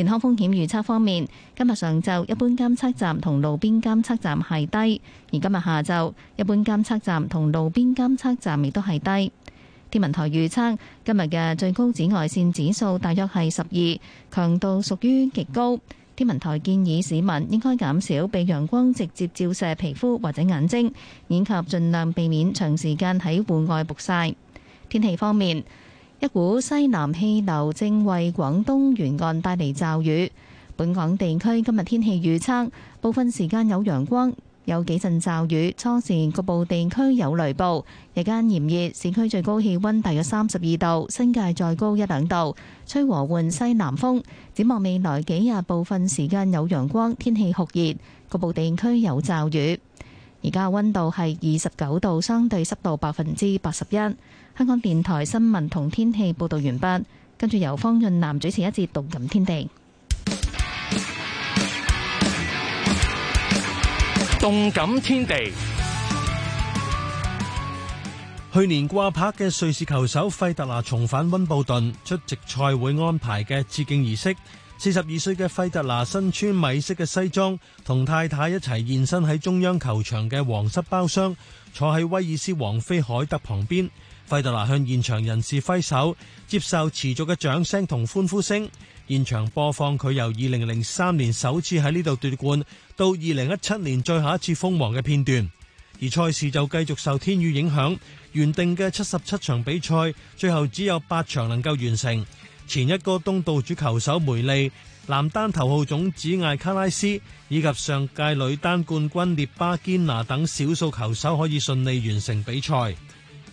健康風險預測方面，今日上晝一般監測站同路邊監測站係低，而今日下晝一般監測站同路邊監測站亦都係低。天文台預測今日嘅最高紫外線指數大約係十二，強度屬於極高。天文台建議市民應該減少被陽光直接照射皮膚或者眼睛，以及盡量避免長時間喺戶外曝曬。天氣方面。一股西南氣流正為廣東沿岸帶嚟驟雨。本港地區今日天氣預測，部分時間有陽光，有幾陣驟雨，初時局部地區有雷暴。日間炎熱，市區最高氣溫大約三十二度，新界再高一兩度，吹和緩西南風，展望未來幾日，部分時間有陽光，天氣酷熱，局部地區有驟雨。而家溫度係二十九度，相對濕度百分之八十一。香港電台新聞同天氣報道完畢，跟住由方潤南主持一節《動感天地》。《動感天地》，去年掛拍嘅瑞士球手費特拿重返溫布頓，出席賽會安排嘅致敬儀式。四十二歲嘅費德拿身穿米色嘅西裝，同太太一齊現身喺中央球場嘅皇室包廂，坐喺威爾斯王妃海德旁邊。費德拿向現場人士揮手，接受持續嘅掌聲同歡呼聲。現場播放佢由二零零三年首次喺呢度奪冠到二零一七年最後一次封王嘅片段。而賽事就繼續受天雨影響，原定嘅七十七場比賽，最後只有八場能夠完成。前一個東道主球手梅利，男單頭號種子艾卡拉斯以及上屆女單冠軍列巴堅娜等少數球手可以順利完成比賽。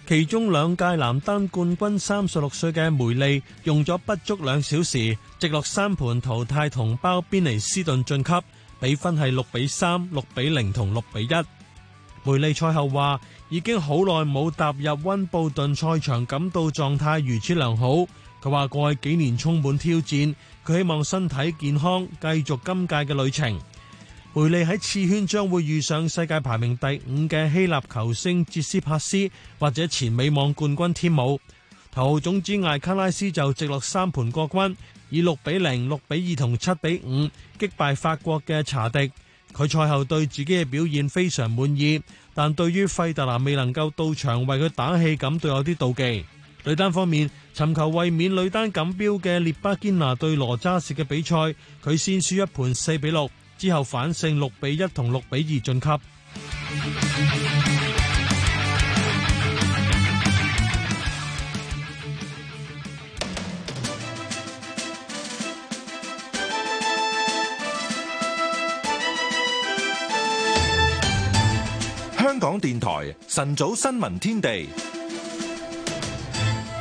其中兩屆男單冠軍三十六歲嘅梅利用咗不足兩小時，直落三盤淘汰同胞邊尼斯頓晉級，比分係六比三、六比零同六比一。梅利賽後話：已經好耐冇踏入温布頓賽場，感到狀態如此良好。話過去幾年充滿挑戰，佢希望身體健康，繼續今屆嘅旅程。梅利喺次圈將會遇上世界排名第五嘅希臘球星捷斯帕斯，或者前美網冠軍天舞。頭號種子艾卡拉斯就直落三盤過關，以六比零、六比二同七比五擊敗法國嘅查迪。佢賽後對自己嘅表現非常滿意，但對於費特蘭未能夠到場為佢打氣，感到有啲妒忌。女單方面。尋求衛冕女單錦標嘅列巴堅拿對羅渣士嘅比賽，佢先輸一盤四比六，之後反勝六比一同六比二晉級。香港電台晨早新聞天地。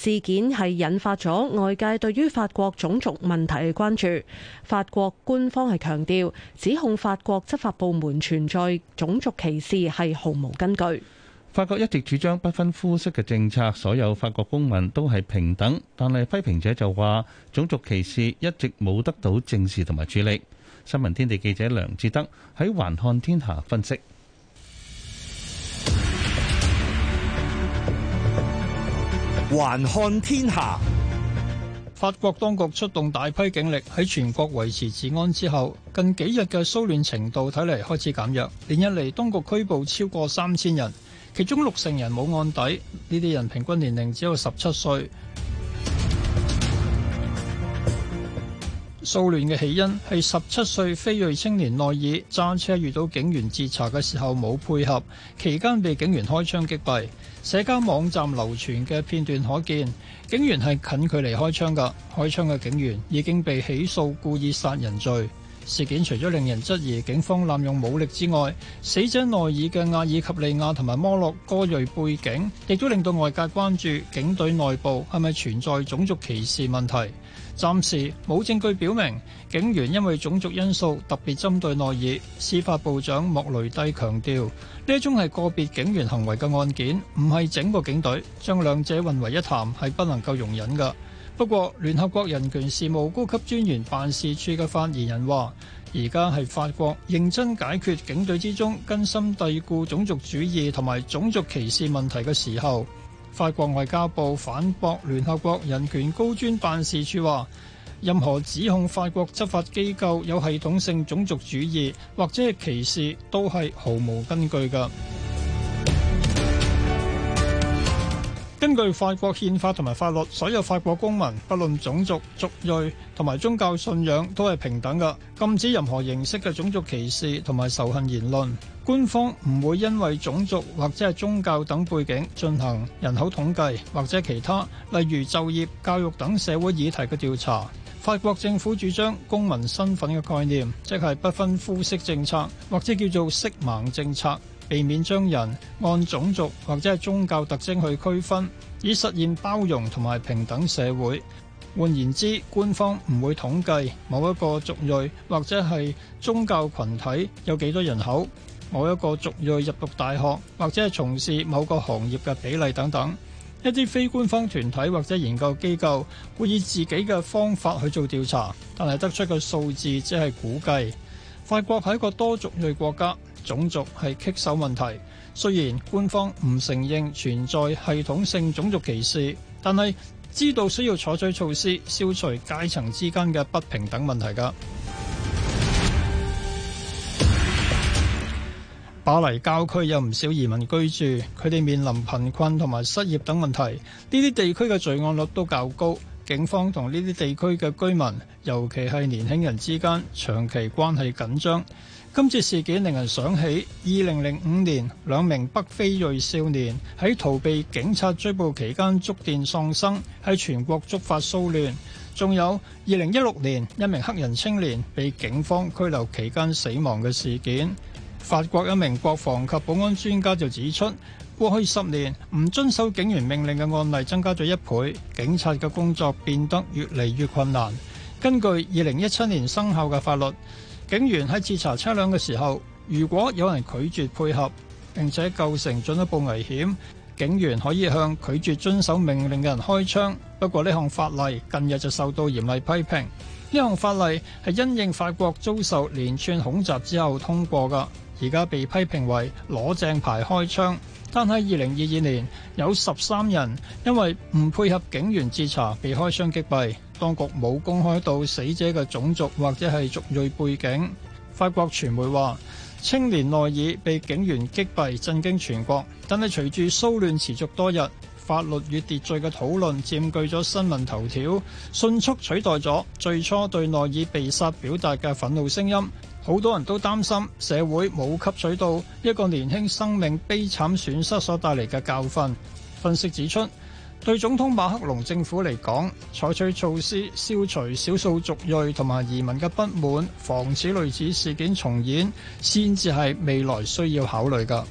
事件係引發咗外界對於法國種族問題嘅關注。法國官方係強調，指控法國執法部門存在種族歧視係毫無根據。法國一直主張不分膚色嘅政策，所有法國公民都係平等。但係批評者就話，種族歧視一直冇得到正視同埋處理。新聞天地記者梁志德喺《環看天下》分析。還看天下，法國當局出動大批警力喺全國維持治安之後，近幾日嘅騷亂程度睇嚟，開始減弱。連日嚟，當局拘捕超過三千人，其中六成人冇案底，呢啲人平均年齡只有十七歲。騷亂嘅起因係十七歲非裔青年內爾揸車遇到警員截查嘅時候冇配合，期間被警員開槍擊斃。社交網站流傳嘅片段可見，警員係近距離開槍㗎。開槍嘅警員已經被起訴故意殺人罪。事件除咗令人質疑警方濫用武力之外，死者內爾嘅阿爾及利亞同埋摩洛哥裔背景，亦都令到外界關注警隊內部係咪存在種族歧視問題。暫時冇證據表明警員因為種族因素特別針對奈爾。司法部長莫雷蒂強調，呢種係個別警員行為嘅案件，唔係整個警隊。將兩者混為一談係不能夠容忍㗎。不過，聯合國人權事務高級專員辦事處嘅發言人話：而家係法國認真解決警隊之中根深蒂固種族主義同埋種族歧視問題嘅時候。法國外交部反駁聯合國人權高專辦事處話，任何指控法國執法機構有系統性種族主義或者係歧視，都係毫無根據噶。根據法國憲法同埋法律，所有法國公民，不論種族、族裔同埋宗教信仰，都係平等噶，禁止任何形式嘅種族歧視同埋仇恨言論。官方唔會因為種族或者係宗教等背景進行人口統計，或者其他例如就業、教育等社會議題嘅調查。法國政府主張公民身份嘅概念，即係不分膚色政策，或者叫做色盲政策，避免將人按種族或者係宗教特徵去區分，以實現包容同埋平等社會。換言之，官方唔會統計某一個族裔或者係宗教群體有幾多人口。某一個族裔入讀大學或者係從事某個行業嘅比例等等，一啲非官方團體或者研究機構會以自己嘅方法去做調查，但係得出嘅數字只係估計。法國係一個多族裔國家，種族係棘手問題。雖然官方唔承認存在系統性種族歧視，但係知道需要採取措施，消除階層之間嘅不平等問題㗎。巴黎郊區有唔少移民居住，佢哋面臨貧困同埋失業等問題。呢啲地區嘅罪案率都較高，警方同呢啲地區嘅居民，尤其係年輕人之間，長期關係緊張。今次事件令人想起2005年兩名北非裔少年喺逃避警察追捕期間觸電喪生，喺全國觸發騷亂。仲有2016年一名黑人青年被警方拘留期間死亡嘅事件。法國一名國防及保安專家就指出，過去十年唔遵守警員命令嘅案例增加咗一倍，警察嘅工作變得越嚟越困難。根據2017年生效嘅法律，警員喺截查車輛嘅時候，如果有人拒絕配合，並且構成進一步危險，警員可以向拒絕遵守命令嘅人開槍。不過呢項法例近日就受到嚴厲批評。呢項法例係因應法國遭受連串恐襲之後通過嘅。而家被批評為攞正牌開槍，但喺二零二二年有十三人因為唔配合警員截查被開槍擊斃，當局冇公開到死者嘅種族或者係族裔背景。法國傳媒話：青年內爾被警員擊斃，震驚全國。但係隨住騷亂持續多日，法律與秩序嘅討論佔據咗新聞頭條，迅速取代咗最初對內爾被殺表達嘅憤怒聲音。好多人都擔心社會冇吸取到一個年輕生命悲慘損失所帶嚟嘅教訓，分析指出，對總統馬克龍政府嚟講，採取措施消除少數族裔同埋移民嘅不滿，防止類似事件重演，先至係未來需要考慮噶。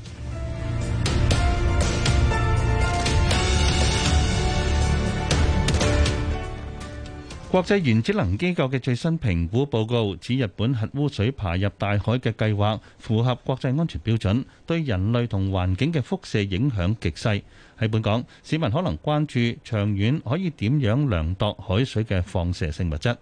國際原子能機構嘅最新評估報告指，日本核污水排入大海嘅計劃符合國際安全標準。對人類同環境嘅輻射影響極細。喺本港，市民可能關注長遠可以點樣量度海水嘅放射性物質。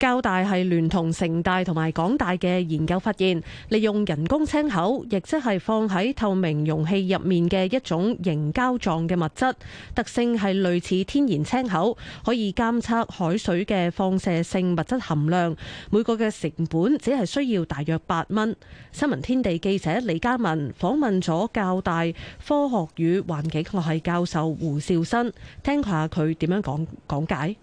教大係聯同城大同埋港大嘅研究發現，利用人工青口，亦即係放喺透明容器入面嘅一種凝膠狀嘅物質，特性係類似天然青口，可以監測海水嘅放射性物質含量。每個嘅成本只係需要大約八蚊。新聞天地記者李嘉文。訪問咗教大科學與環境學系教授胡兆新，聽下佢點樣講講解。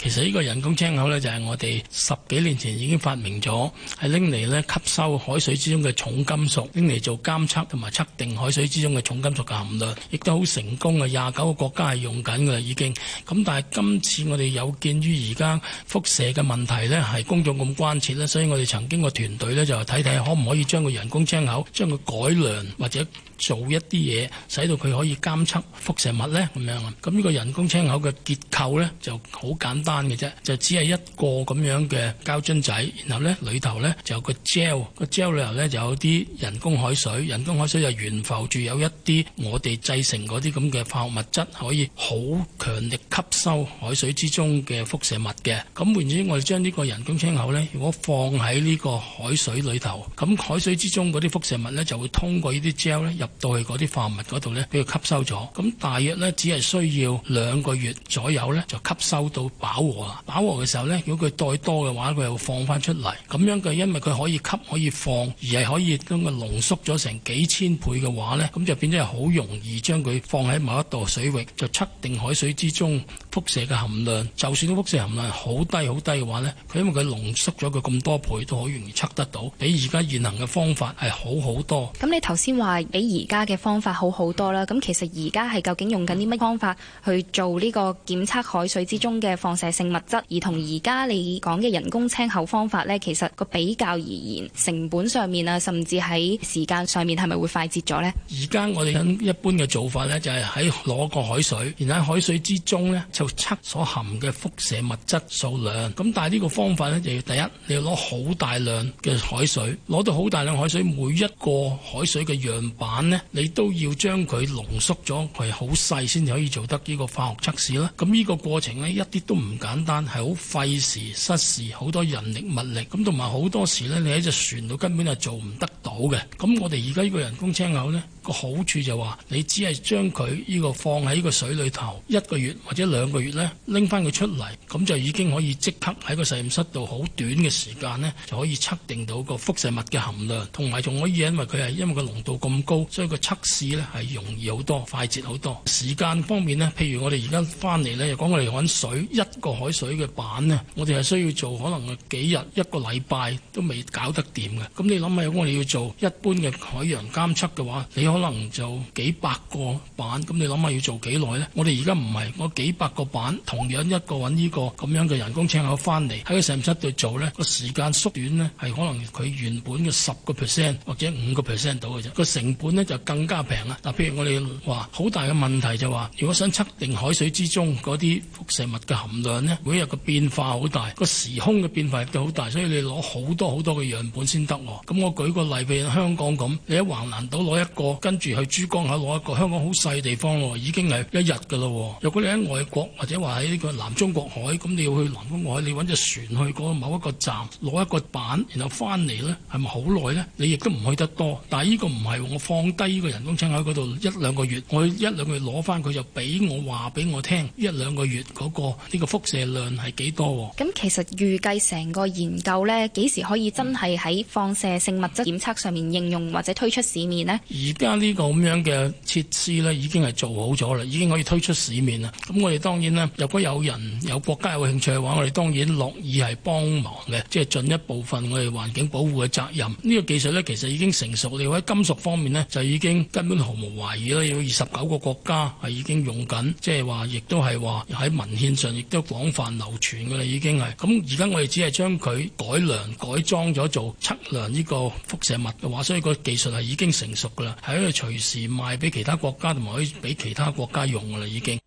其實呢個人工青口呢，就係我哋十幾年前已經發明咗，係拎嚟吸收海水之中嘅重金屬，拎嚟做監測同埋測定海水之中嘅重金屬嘅含量，亦都好成功呀。廿九個國家係用緊㗎喇已經。咁但係今次我哋有見於而家輻射嘅問題呢，係公眾咁關切呢。所以我哋曾經個團隊呢，就睇睇可唔可以將個人工青口將佢改良或者，做一啲嘢，使到佢可以監測輻射物咧咁樣啊！咁呢個人工青口嘅結構咧就好簡單嘅啫，就只係一個咁樣嘅膠樽仔，然後咧裏頭咧就有個 gel，個 gel 裏頭咧就有啲人工海水，人工海水就懸浮住有一啲我哋製成嗰啲咁嘅化學物質，可以好強力吸收海水之中嘅輻射物嘅。咁換 e 我哋將呢個人工青口咧，如果放喺呢個海水裏頭，咁海水之中嗰啲輻射物咧就會通過呢啲 gel 咧入。到去嗰啲化物嗰度呢，俾佢吸收咗。咁大約呢，只係需要兩個月左右呢，就吸收到飽和啦。飽和嘅時候呢，如果佢再多嘅話，佢又放翻出嚟。咁樣佢因為佢可以吸，可以放，而係可以將佢濃縮咗成幾千倍嘅話呢，咁就變咗係好容易將佢放喺某一度水域，就測定海水之中輻射嘅含量。就算輻射含量好低好低嘅話呢，佢因為佢濃縮咗佢咁多倍，都好容易測得到。比而家現行嘅方法係好好多。咁你頭先話而家嘅方法好好多啦，咁其實而家係究竟用緊啲乜方法去做呢個檢測海水之中嘅放射性物質，而同而家你講嘅人工青口方法咧，其實個比較而言，成本上面啊，甚至喺時間上面係咪會快捷咗咧？而家我哋一般嘅做法咧，就係喺攞個海水，然後喺海水之中咧就測所含嘅輻射物質數量。咁但係呢個方法咧，就要第一你要攞好大量嘅海水，攞到好大量的海水，每一個海水嘅樣板。你都要將佢濃縮咗，佢好細先至可以做得呢個化學測試啦。咁呢個過程呢，一啲都唔簡單，係好費時失事，好多人力物力。咁同埋好多時呢，你喺隻船度根本係做唔得到嘅。咁我哋而家呢個人工青口呢，個好處就話，你只係將佢呢個放喺呢個水裏頭一個月或者兩個月呢拎翻佢出嚟，咁就已經可以即刻喺個實驗室度好短嘅時間呢，就可以測定到個輻射物嘅含量，同埋仲可以因為佢係因為個濃度咁高。所以個測試咧係容易好多、快捷好多。時間方面咧，譬如我哋而家翻嚟咧，又講我哋揾水一個海水嘅板咧，我哋係需要做可能係幾日、一個禮拜都未搞得掂嘅。咁你諗下，如果我哋要做一般嘅海洋監測嘅話，你可能就幾百個板，咁你諗下要做幾耐咧？我哋而家唔係我幾百個板，同樣一個揾呢個咁樣嘅人工請口翻嚟喺個實驗室度做咧，個時間縮短咧係可能佢原本嘅十個 percent 或者五個 percent 到嘅啫，個成本呢。就更加平啦，嗱，但譬如我哋話好大嘅問題就話、是，如果想測定海水之中嗰啲輻射物嘅含量呢，每日個變化好大，個時空嘅變化亦都好大，所以你攞好多好多嘅樣本先得喎。咁我舉個例，譬如香港咁，你喺橫瀾島攞一個，跟住去珠江口攞一個，香港好細地方喎，已經係一日噶咯。如果你喺外國或者話喺呢個南中國海，咁你要去南中國海，你揾隻船去嗰某一個站攞一個板，然後翻嚟，呢，係咪好耐呢？你亦都唔去得多。但係呢個唔係我方。低個人工請喺嗰度一兩個月，我一兩個月攞翻佢就俾我話俾我聽一兩個月嗰個呢個輻射量係幾多？咁其實預計成個研究呢，幾時可以真係喺放射性物質檢測上面應用或者推出市面呢？而家呢個咁樣嘅設施呢，已經係做好咗啦，已經可以推出市面啦。咁我哋當然咧，如果有人有國家有興趣嘅話，我哋當然樂意係幫忙嘅，即係盡一部分我哋環境保護嘅責任。呢個技術呢，其實已經成熟，你喺金屬方面呢。已經根本毫無懷疑啦，有二十九個國家係已經用緊，即係話亦都係話喺文獻上亦都廣泛流傳噶啦，已經係。咁而家我哋只係將佢改良改裝咗做測量呢個輻射物嘅話，所以個技術係已經成熟噶啦，係可以隨時賣俾其他國家，同埋可以俾其他國家用噶啦，已經。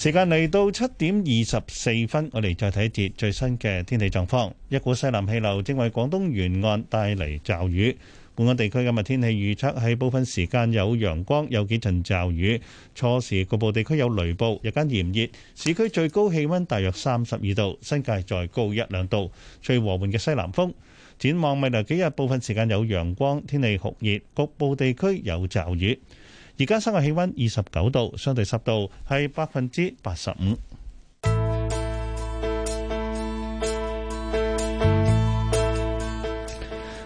時間嚟到七點二十四分，我哋再睇一節最新嘅天氣狀況。一股西南氣流正為廣東沿岸帶嚟驟雨，本港地區今日天氣預測係部分時間有陽光，有幾陣驟雨，初時局部地區有雷暴，日間炎熱，市區最高氣溫大約三十二度，新界再高一兩度。最和緩嘅西南風，展望未來幾日部分時間有陽光，天氣酷熱，局部地區有驟雨。而家室外氣溫二十九度，相對濕度係百分之八十五。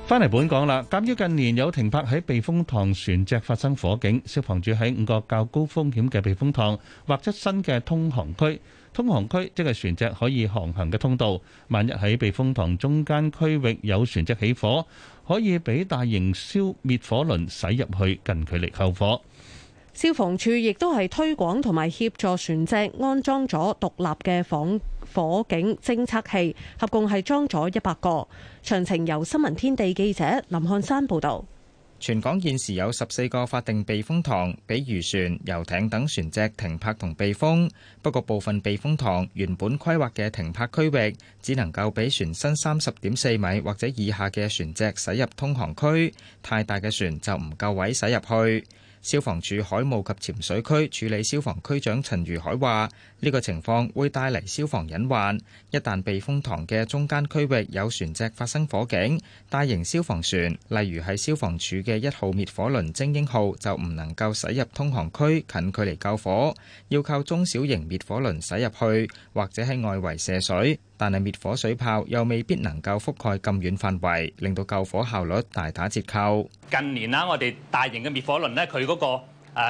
翻嚟本港啦，鑒於近年有停泊喺避風塘船隻發生火警，消防處喺五個較高風險嘅避風塘劃出新嘅通航區。通航區即係船隻可以航行嘅通道。萬一喺避風塘中間區域有船隻起火，可以俾大型消滅火輪駛入去近距離救火。消防處亦都係推廣同埋協助船隻安裝咗獨立嘅防火警偵測器，合共係裝咗一百個。詳情由新聞天地記者林漢山報道。全港現時有十四個法定避風塘俾漁船、遊艇等船隻停泊同避風，不過部分避風塘原本規劃嘅停泊區域，只能夠俾船身三十點四米或者以下嘅船隻駛入通航區，太大嘅船就唔夠位駛入去。消防處海務及潛水區處理消防區長陳如海話：呢個情況會帶嚟消防隱患。一旦避風塘嘅中間區域有船隻發生火警，大型消防船例如係消防署嘅一號滅火輪精英號就唔能夠駛入通航區近距離救火，要靠中小型滅火輪駛入去或者喺外圍射水。但係滅火水炮又未必能夠覆蓋咁遠範圍，令到救火效率大打折扣。近年啦，我哋大型嘅滅火輪咧，佢嗰個誒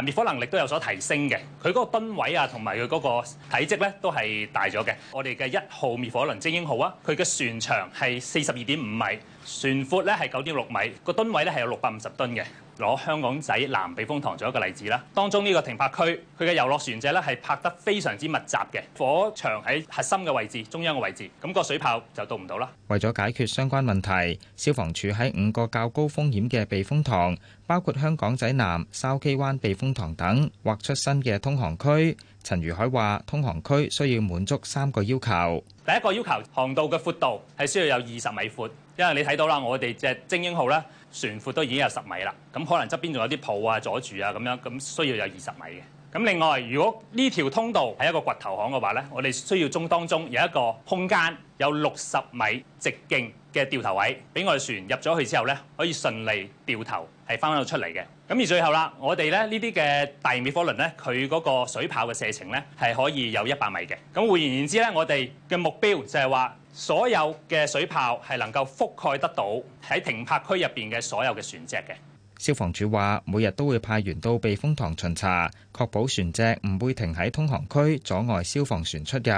滅火能力都有所提升嘅，佢嗰個噸位啊，同埋佢嗰個體積咧都係大咗嘅。我哋嘅一號滅火輪精英號啊，佢嘅船長係四十二點五米。船闊咧係九點六米，個噸位咧係有六百五十噸嘅。攞香港仔南避風塘做一個例子啦，當中呢個停泊區，佢嘅遊樂船隻咧係泊得非常之密集嘅，火場喺核心嘅位置，中央嘅位置，咁個水炮就到唔到啦。為咗解決相關問題，消防處喺五個較高風險嘅避風塘，包括香港仔南、筲箕灣避風塘等，劃出新嘅通航區。陳如海話，通航區需要滿足三個要求。第一個要求，航道嘅闊度係需要有二十米闊，因為你睇到啦，我哋隻精英號咧，船闊都已經有十米啦，咁可能側邊仲有啲鋪啊、阻住啊咁樣，咁需要有二十米嘅。咁另外，如果呢條通道係一個掘頭巷嘅話咧，我哋需要中當中有一個空間有六十米直徑嘅掉頭位，俾我哋船入咗去之後咧，可以順利掉頭係翻到出嚟嘅。咁而最後啦，我哋咧呢啲嘅大型滅火輪呢，佢嗰個水炮嘅射程呢，係可以有一百米嘅。咁換言之咧，我哋嘅目標就係話，所有嘅水炮係能夠覆蓋得到喺停泊區入邊嘅所有嘅船隻嘅。消防處話，每日都會派員到避風塘巡查。確保船隻唔會停喺通航區阻礙消防船出入。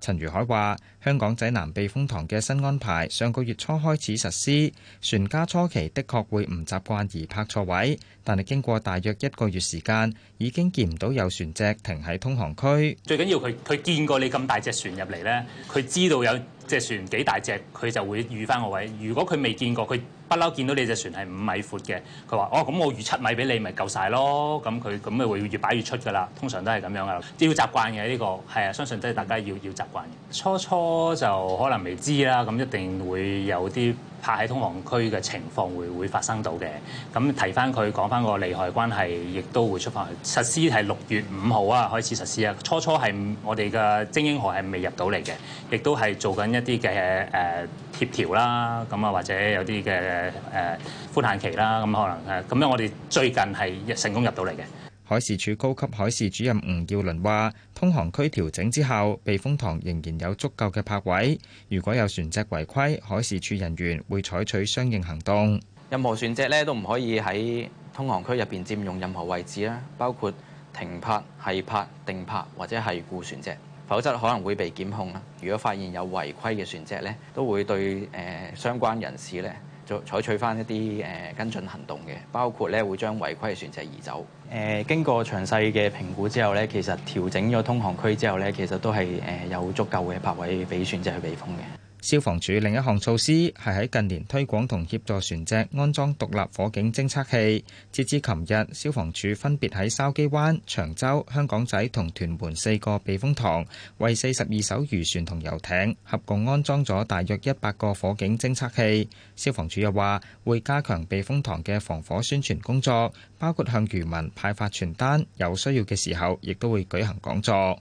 陳如海話：香港仔南避風塘嘅新安排上個月初開始實施，船家初期的確會唔習慣而泊錯位，但係經過大約一個月時間，已經見唔到有船隻停喺通航區。最緊要佢佢見過你咁大隻船入嚟呢，佢知道有隻船幾大隻，佢就會預返個位。如果佢未見過，佢不嬲見到你隻船係五米闊嘅，佢話：哦咁我預七米俾你咪夠晒咯。咁佢咁咪會預八。解要出噶啦，通常都係咁樣噶，都要習慣嘅，呢個係啊。相信都係大家要要習慣嘅。初初就可能未知啦，咁一定會有啲拍喺通航區嘅情況會會發生到嘅。咁提翻佢講翻個利害關係，亦都會出發去實施。係六月五號啊開始實施啊。初初係我哋嘅精英河係未入到嚟嘅，亦都係做緊一啲嘅誒協調啦。咁啊，或者有啲嘅誒寬限期啦，咁可能誒咁樣。我哋最近係成功入到嚟嘅。海事處高級海事主任吳耀倫話，通航區調整之後，避風塘仍然有足夠嘅泊位。如果有船隻違規，海事處人員會採取相應行動。任何船隻咧都唔可以喺通航區入邊佔用任何位置啦，包括停泊、繫泊、定泊或者係固船隻，否則可能會被檢控啦。如果發現有違規嘅船隻咧，都會對誒、呃、相關人士咧。採取翻一啲誒跟進行動嘅，包括咧會將違規嘅船隻移走。誒、呃、經過詳細嘅評估之後咧，其實調整咗通航區之後咧，其實都係誒有足夠嘅泊位俾船隻去避風嘅。消防署另一項措施係喺近年推廣同協助船隻安裝獨立火警偵測器。截至琴日，消防署分別喺筲箕灣、長洲、香港仔同屯門四個避風塘，為四十二艘漁船同遊艇合共安裝咗大約一百個火警偵測器。消防署又話會加強避風塘嘅防火宣傳工作，包括向漁民派發傳單，有需要嘅時候亦都會舉行講座。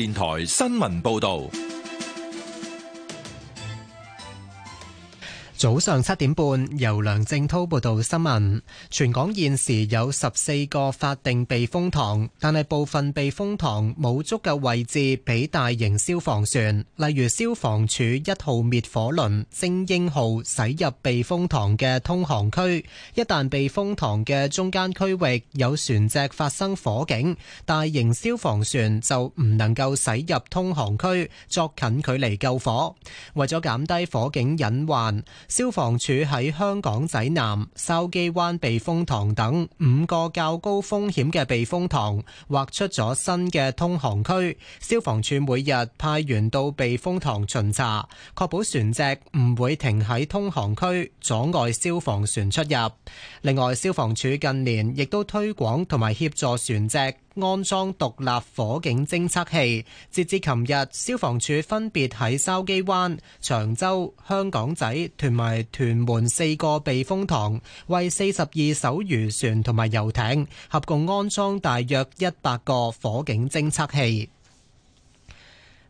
電台新聞報道。早上七點半，由梁正滔報道新聞。全港現時有十四個法定避風塘，但係部分避風塘冇足夠位置俾大型消防船，例如消防處一號滅火輪精英號，駛入避風塘嘅通航區。一旦避風塘嘅中間區域有船隻發生火警，大型消防船就唔能夠駛入通航區作近距離救火。為咗減低火警隱患，消防處喺香港仔南、筲箕灣避風塘等五個較高風險嘅避風塘劃出咗新嘅通航區。消防處每日派員到避風塘巡查，確保船隻唔會停喺通航區阻礙消防船出入。另外，消防處近年亦都推廣同埋協助船隻。安裝獨立火警偵測器。截至琴日，消防處分別喺筲箕灣、長洲、香港仔同埋屯門四個避風塘，為四十二艘漁船同埋遊艇，合共安裝大約一百個火警偵測器。。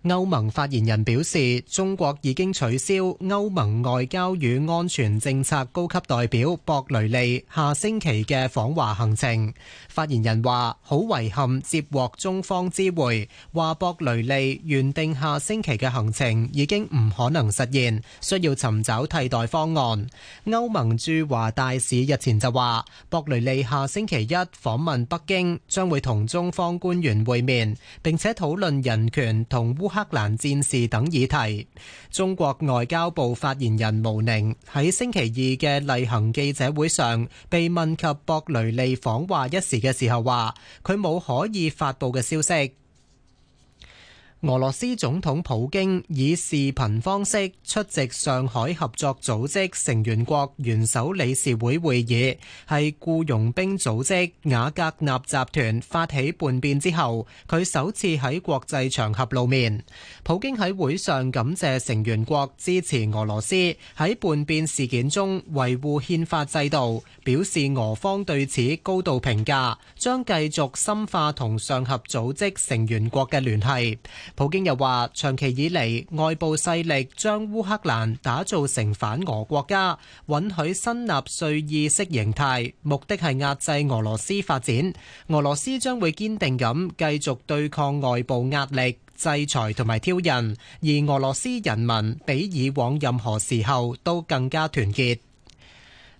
歐盟發言人表示，中國已經取消歐盟外交與安全政策高級代表博雷利下星期嘅訪華行程。發言人話：好遺憾接獲中方知會，話博雷利原定下星期嘅行程已經唔可能實現，需要尋找替代方案。歐盟駐華大使日前就話，博雷利下星期一訪問北京，將會同中方官員會面，並且討論人權同烏克克蘭戰事等議題，中國外交部發言人毛寧喺星期二嘅例行記者會上，被問及博雷利訪華一事嘅時候，話佢冇可以發布嘅消息。俄羅斯總統普京以視頻方式出席上海合作組織成員國元首理事會會議，係僱傭兵組織瓦格納集團發起叛變之後，佢首次喺國際場合露面。普京喺會上感謝成員國支持俄羅斯喺叛變事件中維護憲法制度，表示俄方對此高度評價，將繼續深化同上合組織成員國嘅聯繫。普京又話：長期以嚟，外部勢力將烏克蘭打造成反俄國家，允許新納粹意識形態，目的係壓制俄羅斯發展。俄羅斯將會堅定噉繼續對抗外部壓力、制裁同埋挑釁，而俄羅斯人民比以往任何時候都更加團結。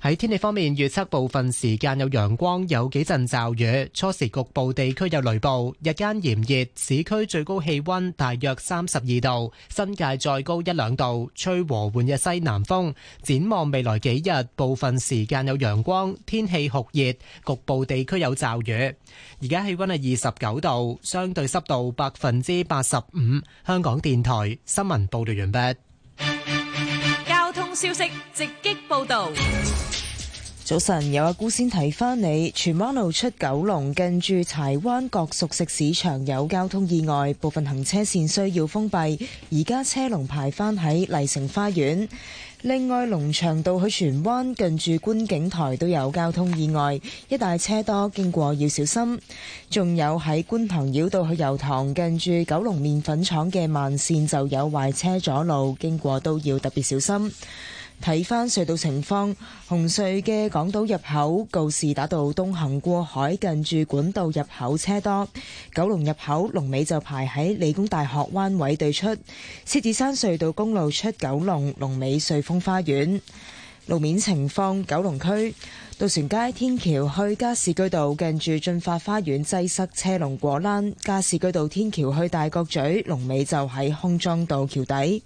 喺天氣方面，預測部分時間有陽光，有幾陣驟雨，初時局部地區有雷暴，日間炎熱，市區最高氣温大約三十二度，新界再高一兩度，吹和緩嘅西南風。展望未來幾日，部分時間有陽光，天氣酷熱，局部地區有驟雨。而家氣温係二十九度，相對濕度百分之八十五。香港電台新聞報道完畢。交通消息直擊報道。早晨，有阿姑先睇翻你。荃灣路出九龍，近住柴灣角熟食市場有交通意外，部分行車線需要封閉，而家車龍排返喺麗城花園。另外，龍翔道去荃灣，近住觀景台都有交通意外，一帶車多，經過要小心。仲有喺觀塘繞道去油塘，近住九龍麵粉廠嘅慢線就有壞車阻路，經過都要特別小心。睇返隧道情況，紅隧嘅港島入口告士打道東行過海近住管道入口車多，九龍入口龍尾就排喺理工大學彎位對出，獅子山隧道公路出九龍龍尾瑞豐花園。路面情況，九龍區渡船街天橋去加士居道，近住駿發花園擠塞車龍果欄；加士居道天橋去大角咀，龍尾就喺康莊道橋底。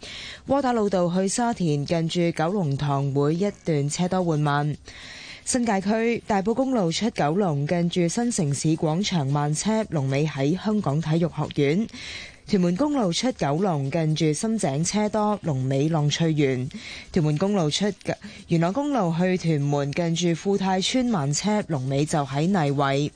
窩打老道去沙田，近住九龍塘會一段車多緩慢。新界區大埔公路出九龍，近住新城市廣場慢車，龍尾喺香港體育學院。屯門公路出九龍，近住深井車多，龍尾浪翠園。屯門公路出元朗公路去屯門，近住富泰村慢車，龍尾就喺泥位。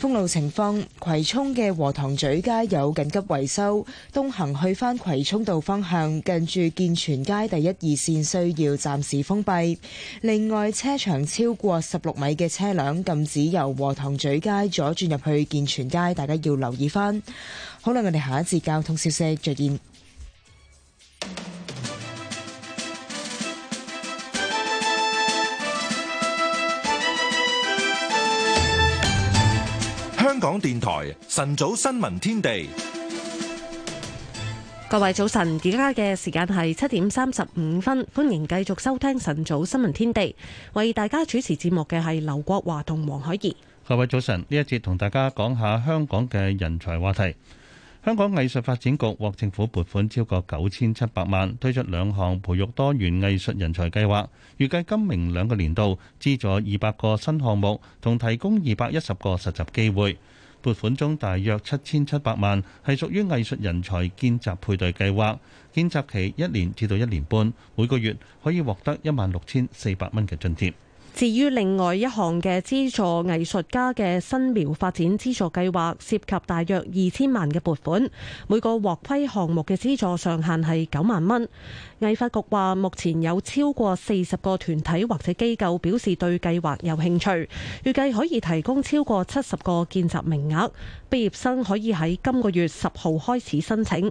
封路情況，葵涌嘅禾塘咀街有緊急維修，東行去翻葵涌道方向，近住健全街第一二線需要暫時封閉。另外，車長超過十六米嘅車輛禁止由禾塘咀街左轉入去健全街，大家要留意翻。好啦，我哋下一節交通消息，再見。香港電台晨早新聞天地，各位早晨，而家嘅時間係七點三十五分，歡迎繼續收聽晨早新聞天地，為大家主持節目嘅係劉國華同黃海怡。各位早晨，呢一節同大家講下香港嘅人才話題。香港藝術發展局獲政府撥款超過九千七百萬，推出兩項培育多元藝術人才計劃，預計今明兩個年度資助二百個新項目，同提供二百一十個實習機會。撥款中大約七千七百萬係屬於藝術人才見習配對計劃，見習期一年至到一年半，每個月可以獲得一萬六千四百蚊嘅津貼。至於另外一項嘅資助藝術家嘅新苗發展資助計劃，涉及大約二千萬嘅撥款，每個獲批項目嘅資助上限係九萬蚊。藝發局話，目前有超過四十個團體或者機構表示對計劃有興趣，預計可以提供超過七十個見習名額。畢業生可以喺今個月十號開始申請。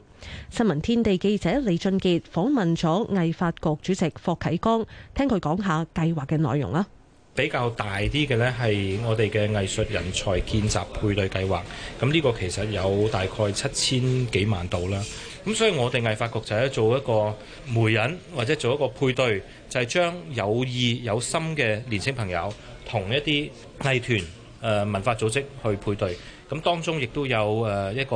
新聞天地記者李俊傑訪問咗藝發局主席霍啟剛，聽佢講下計劃嘅內容啦。比較大啲嘅呢，係我哋嘅藝術人才見習配對計劃。咁呢個其實有大概七千幾萬度啦。咁所以，我哋藝發局就係做一個媒人，或者做一個配對，就係將有意有心嘅年輕朋友同一啲藝團、誒文化組織去配對。咁當中亦都有誒一個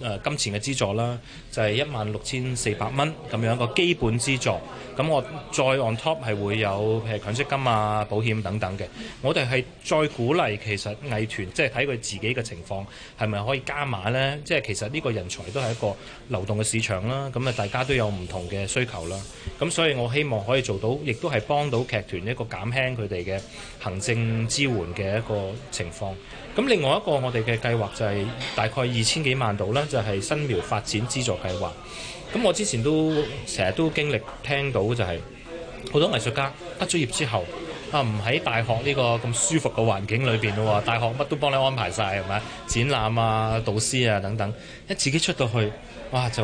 誒金錢嘅資助啦，就係一萬六千四百蚊咁樣一個基本資助。咁我再 on top 係會有誒強積金啊、保險等等嘅。我哋係再鼓勵其實藝團，即係睇佢自己嘅情況，係咪可以加碼呢？即係其實呢個人才都係一個流動嘅市場啦。咁啊，大家都有唔同嘅需求啦。咁所以我希望可以做到，亦都係幫到劇團一個減輕佢哋嘅行政支援嘅一個情況。咁另外一個我哋嘅計劃就係大概二千幾萬度啦，就係新苗發展資助計劃。咁我之前都成日都經歷聽到就係、是、好多藝術家畢咗業之後啊，唔喺大學呢個咁舒服嘅環境裏面喎，大學乜都幫你安排晒，係咪？展覽啊、導師啊等等，一自己出到去哇，就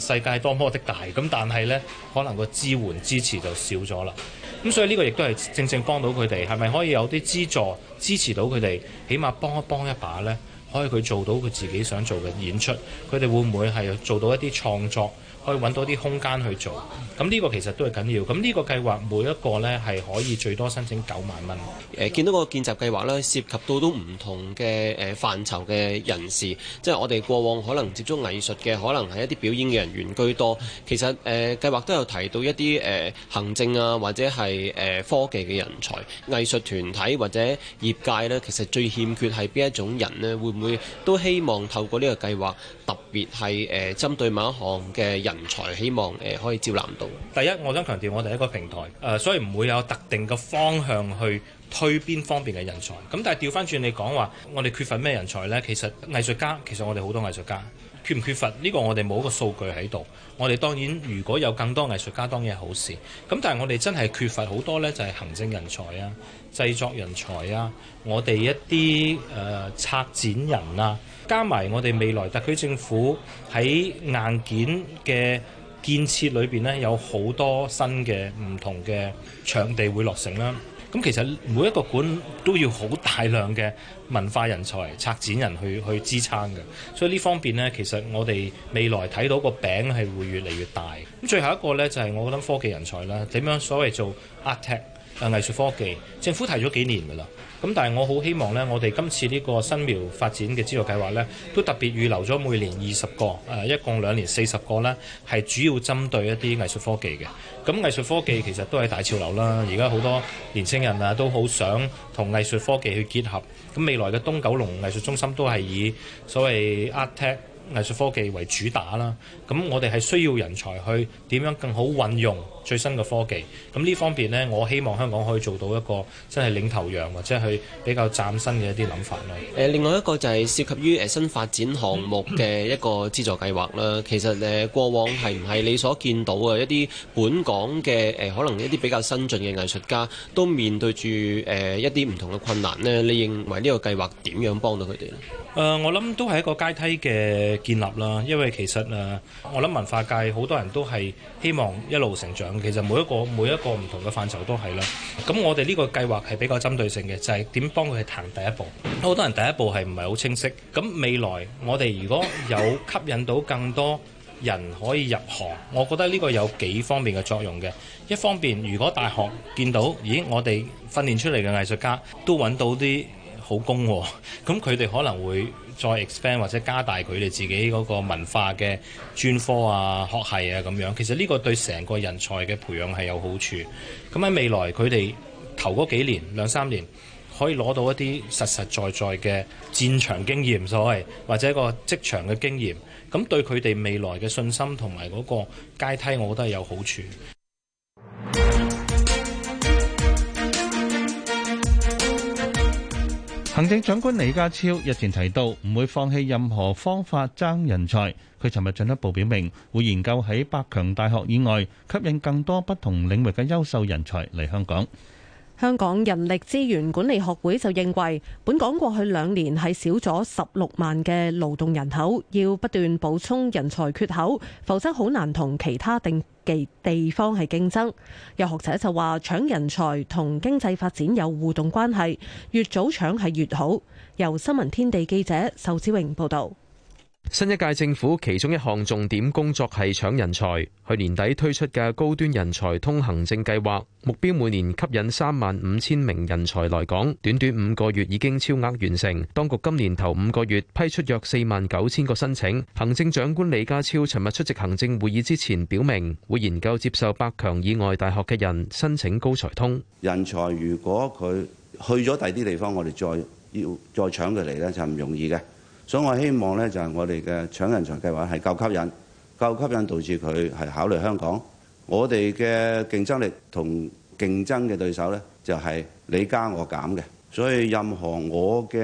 世界多麼的大。咁但係呢，可能個支援支持就少咗啦。咁所以呢個亦都係正正幫到佢哋，係咪可以有啲資助支持到佢哋，起碼幫一幫一把咧？可以佢做到佢自己想做嘅演出，佢哋會唔會係做到一啲創作？可以揾多啲空間去做，咁呢個其實都係緊要。咁呢個計劃每一個呢係可以最多申請九萬蚊。誒，見到個見習計劃呢，涉及到都唔同嘅誒範疇嘅人士，即係我哋過往可能接觸藝術嘅，可能係一啲表演嘅人員居多。其實誒，計劃都有提到一啲誒，行政啊，或者係誒，科技嘅人才、藝術團體或者業界呢，其實最欠缺係邊一種人呢？會唔會都希望透過呢個計劃？特別係、呃、針對某一行嘅人才，希望、呃、可以招攬到。第一，我想強調我哋一個平台，呃、所以唔會有特定嘅方向去推邊方面嘅人才。咁、嗯、但係調翻轉你講話，我哋缺乏咩人才呢？其實藝術家，其實我哋好多藝術家，缺唔缺乏呢、呢個？我哋冇一個數據喺度。我哋當然如果有更多藝術家，當然係好事。咁、嗯、但係我哋真係缺乏好多呢，就係、係、行政人才啊、製作人才啊、我哋一啲誒、呃、策展人啊。加埋我哋未來特區政府喺硬件嘅建設裏面咧，有好多新嘅唔同嘅場地會落成啦。咁其實每一個館都要好大量嘅文化人才、策展人去去支撐嘅。所以呢方面呢，其實我哋未來睇到個餅係會越嚟越大。咁最後一個呢，就係我覺得科技人才啦，點樣所謂做 art tech 藝術科技，政府提咗幾年噶啦。咁但係我好希望呢，我哋今次呢個新苗發展嘅資助計劃呢，都特別預留咗每年二十個，誒，一共兩年四十個呢係主要針對一啲藝術科技嘅。咁藝術科技其實都係大潮流啦，而家好多年青人啊都好想同藝術科技去結合。咁未來嘅東九龍藝術中心都係以所謂 art tech 藝術科技為主打啦。咁我哋係需要人才去點樣更好運用最新嘅科技，咁呢方面咧，我希望香港可以做到一個真係領頭羊，或者去比較嶄新嘅一啲諗法啦。誒另外一個就係涉及於誒新發展項目嘅一個資助計劃啦。其實誒過往係唔係你所見到嘅一啲本港嘅誒可能一啲比較新進嘅藝術家都面對住誒一啲唔同嘅困難咧？你認為呢個計劃點樣幫到佢哋咧？誒、呃、我諗都係一個階梯嘅建立啦，因為其實誒我諗文化界好多人都係希望一路成長。其實每一個每一個唔同嘅範疇都係啦，咁我哋呢個計劃係比較針對性嘅，就係點幫佢去彈第一步。好多人第一步係唔係好清晰，咁未來我哋如果有吸引到更多人可以入行，我覺得呢個有幾方面嘅作用嘅。一方面，如果大學見到，咦，我哋訓練出嚟嘅藝術家都揾到啲。好功喎。哦，咁佢哋可能會再 expand 或者加大佢哋自己嗰個文化嘅專科啊、學系啊咁樣。其實呢個對成個人才嘅培養係有好處。咁喺未來佢哋頭嗰幾年兩三年可以攞到一啲實實在在嘅戰場經驗，所謂或者一個職場嘅經驗，咁對佢哋未來嘅信心同埋嗰個階梯，我覺得係有好處。行政長官李家超日前提到，唔會放棄任何方法爭人才。佢尋日進一步表明，會研究喺百強大學以外，吸引更多不同領域嘅優秀人才嚟香港。香港人力資源管理學會就認為，本港過去兩年係少咗十六萬嘅勞動人口，要不斷補充人才缺口，否則好難同其他地地地方係競爭。有學者就話，搶人才同經濟發展有互動關係，越早搶係越好。由新聞天地記者壽志榮報道。新一屆政府其中一項重點工作係搶人才。去年底推出嘅高端人才通行證計劃，目標每年吸引三萬五千名人才來港，短短五個月已經超額完成。當局今年頭五個月批出約四萬九千個申請。行政長官李家超尋日出席行政會議之前，表明會研究接受百強以外大學嘅人申請高才通。人才如果佢去咗第啲地方，我哋再要再搶佢嚟咧，就唔容易嘅。所以我希望咧，就係我哋嘅搶人才計劃係夠吸引，夠吸引導致佢係考慮香港。我哋嘅競爭力同競爭嘅對手咧，就係你加我減嘅。所以任何我嘅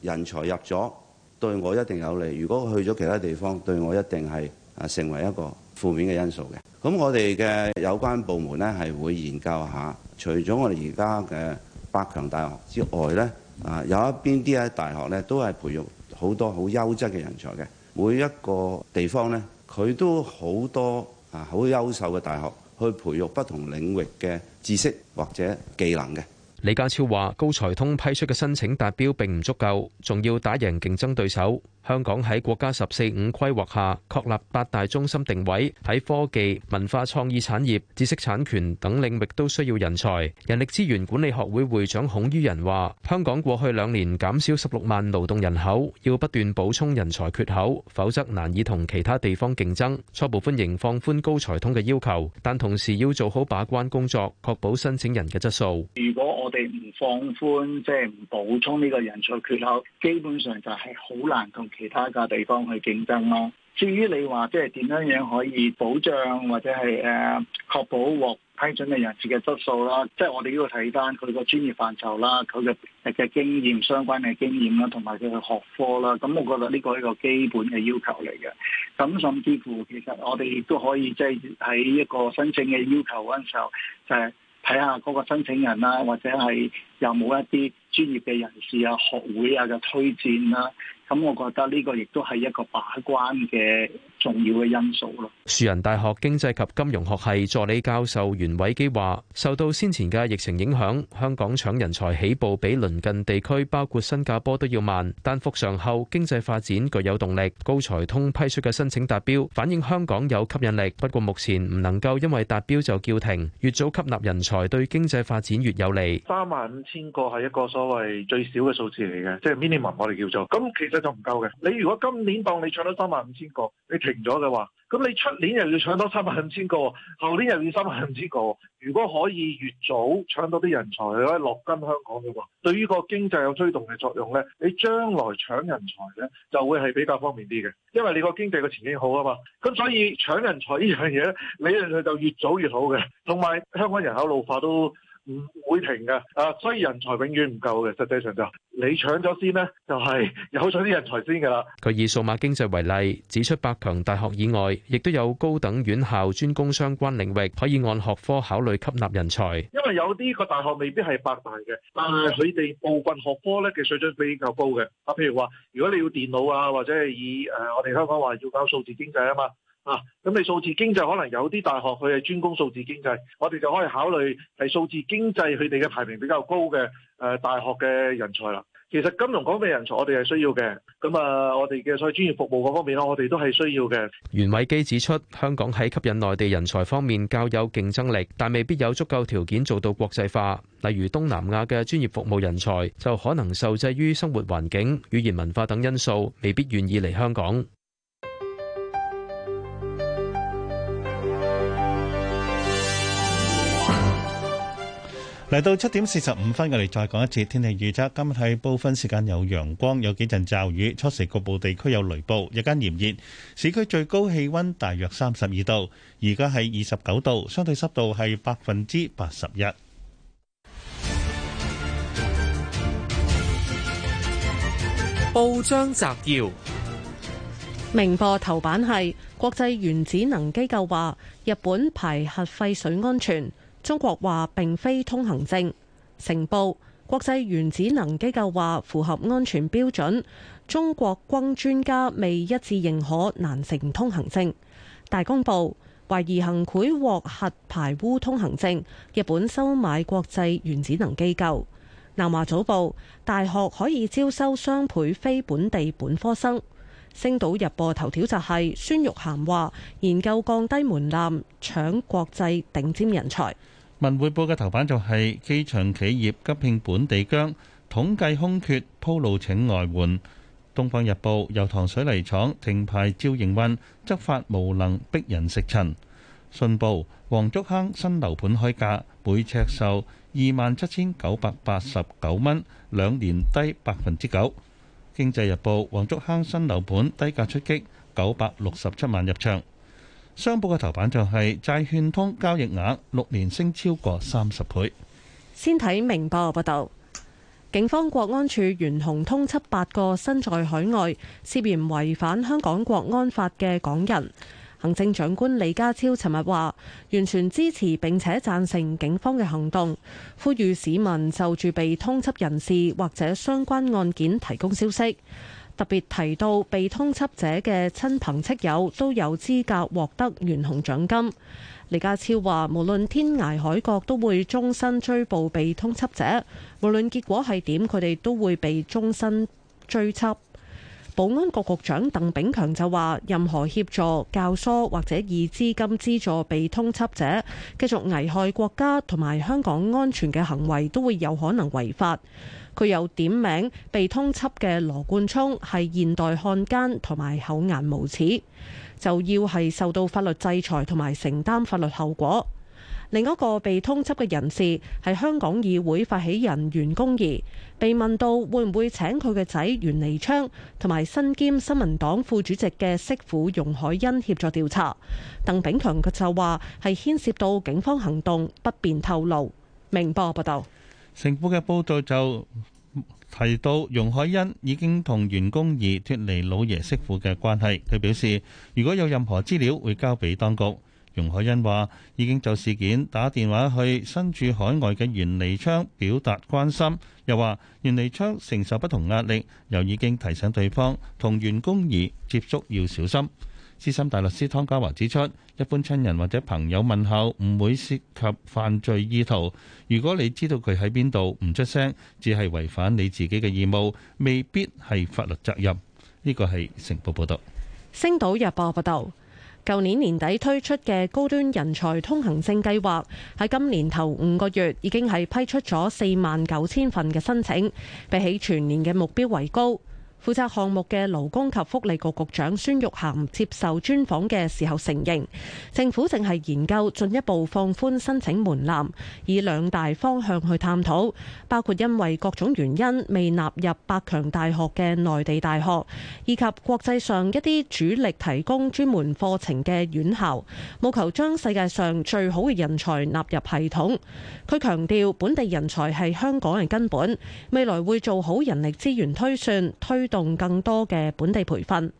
人才入咗，對我一定有利；如果去咗其他地方，對我一定係啊成為一個負面嘅因素嘅。咁我哋嘅有關部門咧，係會研究下，除咗我哋而家嘅百強大學之外咧，啊有一邊啲喺大學咧都係培育。好多好優質嘅人才嘅，每一個地方呢，佢都好多啊好優秀嘅大學去培育不同領域嘅知識或者技能嘅。李家超話，高才通批出嘅申請達標並唔足夠，仲要打贏競爭對手。香港喺國家十四五規劃下確立八大中心定位，喺科技、文化、創意產業、知識產權等領域都需要人才。人力資源管理學會會長孔于仁話香港過去兩年減少十六萬勞動人口，要不斷補充人才缺口，否則難以同其他地方競爭。初步歡迎放寬高才通嘅要求，但同時要做好把關工作，確保申請人嘅質素。如果我哋唔放寬，即係唔補充呢個人才缺口，基本上就係好難同。其他嘅地方去競爭啦。至於你話即係點樣樣可以保障或者係誒、呃、確保獲批准嘅人士嘅質素啦，即係我哋呢度睇返佢個專業範疇啦，佢嘅嘅經驗相關嘅經驗啦，同埋佢嘅學科啦。咁我覺得呢個係一個基本嘅要求嚟嘅。咁甚至乎其實我哋亦都可以即係喺一個申請嘅要求嗰陣時候，就係、係、睇下嗰個申請人啦，或者係有冇一啲專業嘅人士啊、學會啊嘅推薦啦，咁我覺得呢個亦都係一個把關嘅重要嘅因素咯。樹仁大學經濟及金融學系助理教授袁偉基話，受到先前嘅疫情影響，香港搶人才起步比鄰近地區，包括新加坡都要慢，但復常後經濟發展具有動力。高才通批出嘅申請達標，反映香港有吸引力。不過目前唔能夠因為達標就叫停，越早吸納人才對經濟發展越有利。三萬五千個係一個數。所謂最少嘅數字嚟嘅，即係 minimum，我哋叫做咁，其實就唔夠嘅。你如果今年當你搶到三萬五千個，你停咗嘅話，咁你出年又要搶多三萬五千個，後年又要三萬五千個。如果可以越早搶到啲人才可以落根香港嘅話，對於個經濟有推動嘅作用咧，你將來搶人才咧，就會係比較方便啲嘅，因為你個經濟嘅前景好啊嘛。咁所以搶人才呢樣嘢咧，你去就越早越好嘅，同埋香港人口老化都。唔會停㗎，啊，所以人才永遠唔夠嘅，實際上就你搶咗先呢，就係有咗啲人才先噶啦。佢以數碼經濟為例，指出百強大學以外，亦都有高等院校專攻相關領域，可以按學科考慮吸納人才。因為有啲個大學未必係百大嘅，但係佢哋部分學科呢嘅水準比較高嘅。啊，譬如話，如果你要電腦啊，或者係以誒，我哋香港話要搞數字經濟啊嘛。啊！咁你數字經濟可能有啲大學佢係專攻數字經濟，我哋就可以考慮係數字經濟佢哋嘅排名比較高嘅誒，大學嘅人才啦。其實金融管理人才我哋係需要嘅，咁啊我哋嘅所以專業服務嗰方面啦，我哋都係需要嘅。袁偉基指出，香港喺吸引內地人才方面較有競爭力，但未必有足夠條件做到國際化。例如東南亞嘅專業服務人才就可能受制於生活環境、語言文化等因素，未必願意嚟香港。嚟到七點四十五分，我哋再講一次天氣預測。今日係部分時間有陽光，有幾陣驟雨，初時局部地區有雷暴，日間炎熱，市區最高氣溫大約三十二度。而家係二十九度，相對濕度係百分之八十一。報章摘要，明報頭版係國際原子能機構話，日本排核廢水安全。中國話並非通行證。成報國際原子能機構話符合安全標準，中國軍專家未一致認可，難成通行證。大公報懷疑行賄獲核，核排污通行證，日本收買國際原子能機構。南華早報大學可以招收雙倍非本地本科生。星島日報頭條就係孫玉菡話研究降低門檻，搶國際頂尖人才。文匯報嘅頭版就係機場企業急聘本地薑，統計空缺，鋪路請外援。東方日報油塘水泥廠停牌照營運，執法無能逼人食塵。信報黃竹坑新樓盤開價每尺售二萬七千九百八十九蚊，兩年低百分之九。經濟日報黃竹坑新樓盤低價出擊，九百六十七萬入場。商報嘅頭版就係債券通交易額六年升超過三十倍。先睇明報報道，警方國安處懸紅通緝八個身在海外涉嫌違反香港國安法嘅港人。行政長官李家超尋日話，完全支持並且讚成警方嘅行動，呼籲市民就住被通緝人士或者相關案件提供消息。特別提到被通緝者嘅親朋戚友都有資格獲得懸紅獎金。李家超話，無論天涯海角都會終身追捕被通緝者，無論結果係點，佢哋都會被終身追緝。保安局局長鄧炳強就話，任何協助、教唆或者以資金資助被通緝者繼續危害國家同埋香港安全嘅行為，都會有可能違法。佢又點名被通緝嘅羅冠聰係現代漢奸同埋厚顏無恥，就要係受到法律制裁同埋承擔法律後果。另一個被通緝嘅人士係香港議會發起人袁弓夷，被問到會唔會請佢嘅仔袁彌昌同埋身兼新聞黨副主席嘅媳婦容海恩協助調查，鄧炳強佢就話係牽涉到警方行動，不便透露。明報報道。政府嘅報道就提到，容海恩已經同袁弓夷脫離老爺媳婦嘅關係。佢表示，如果有任何資料，會交俾當局。容海恩話，已經就事件打電話去身處海外嘅袁彌昌表達關心。又話，袁彌昌承受不同壓力，又已經提醒對方同袁弓夷接觸要小心。資深大律師湯家華指出，一般親人或者朋友問候唔會涉及犯罪意圖。如果你知道佢喺邊度，唔出聲，只係違反你自己嘅義務，未必係法律責任。呢個係《成報》報道，《星島日報》報道，舊年年底推出嘅高端人才通行證計劃喺今年頭五個月已經係批出咗四萬九千份嘅申請，比起全年嘅目標為高。負責項目嘅勞工及福利局局長孫玉菡接受專訪嘅時候承認，政府正係研究進一步放寬申請門檻，以兩大方向去探討，包括因為各種原因未納入百強大學嘅內地大學，以及國際上一啲主力提供專門課程嘅院校，務求將世界上最好嘅人才納入系統。佢強調本地人才係香港嘅根本，未來會做好人力資源推算推動更多嘅本地培訓。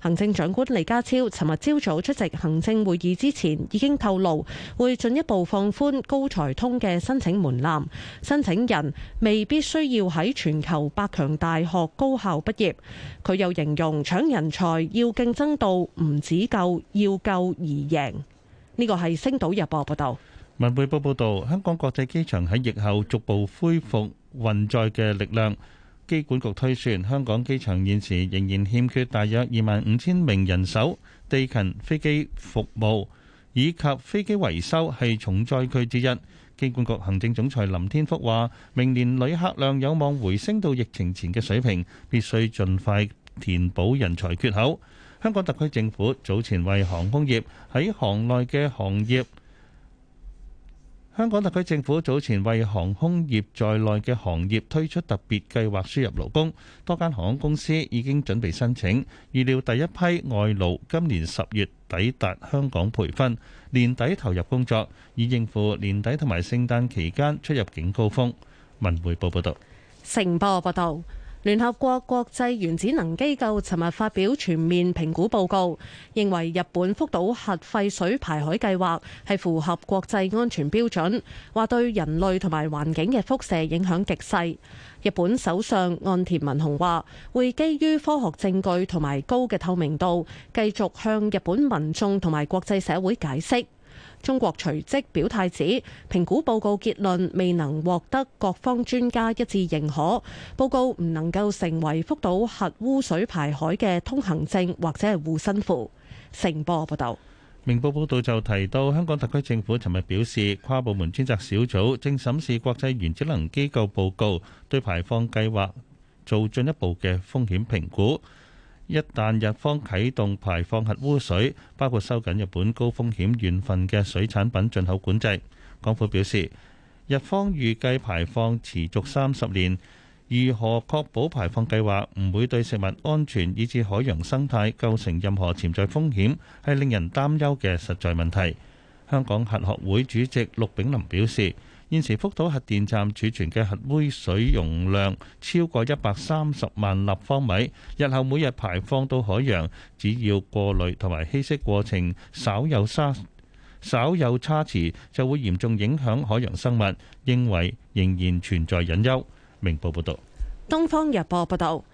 行政長官李家超尋日朝早出席行政會議之前，已經透露會進一步放寬高才通嘅申請門檻，申請人未必需要喺全球百強大學高校畢業。佢又形容搶人才要競爭到唔止夠，要夠而贏。呢個係星島日報報道。文匯報報道，香港國際機場喺疫後逐步恢復運載嘅力量。機管局推算，香港機場現時仍然欠缺大約二萬五千名人手、地勤、飛機服務以及飛機維修係重災區之一。機管局行政總裁林天福話，明年旅客量有望回升到疫情前嘅水平，必須盡快填補人才缺口。香港特區政府早前為航空業喺行內嘅行業。香港特區政府早前為航空業在內嘅行業推出特別計劃輸入勞工，多間航空公司已經準備申請，預料第一批外勞今年十月抵達香港培訓，年底投入工作，以應付年底同埋聖誕期間出入境高峰。文匯報報道，成報報道。聯合國國際原子能機構尋日發表全面評估報告，認為日本福島核廢水排海計劃係符合國際安全標準，話對人類同埋環境嘅輻射影響極細。日本首相岸田文雄話會基於科學證據同埋高嘅透明度，繼續向日本民眾同埋國際社會解釋。中國隨即表態指，評估報告結論未能獲得各方專家一致認可，報告唔能夠成為福島核污水排海嘅通行證，或者係護身符。成波報道，《明報》報道就提到，香港特區政府尋日表示，跨部門專責小組正審視國際原子能機構報告，對排放計劃做進一步嘅風險評估。一旦日方啟動排放核污水，包括收緊日本高風險縣份嘅水產品進口管制，港府表示，日方預計排放持續三十年，如何確保排放計劃唔會對食物安全以至海洋生態構成任何潛在風險，係令人擔憂嘅實在問題，香港核學會主席陸炳林表示。現時福島核電站儲存嘅核污水容量超過一百三十萬立方米，日後每日排放到海洋，只要過濾同埋稀釋過程稍有差稍有差池，就會嚴重影響海洋生物，認為仍然存在隱憂。明報報道。東方日報報道。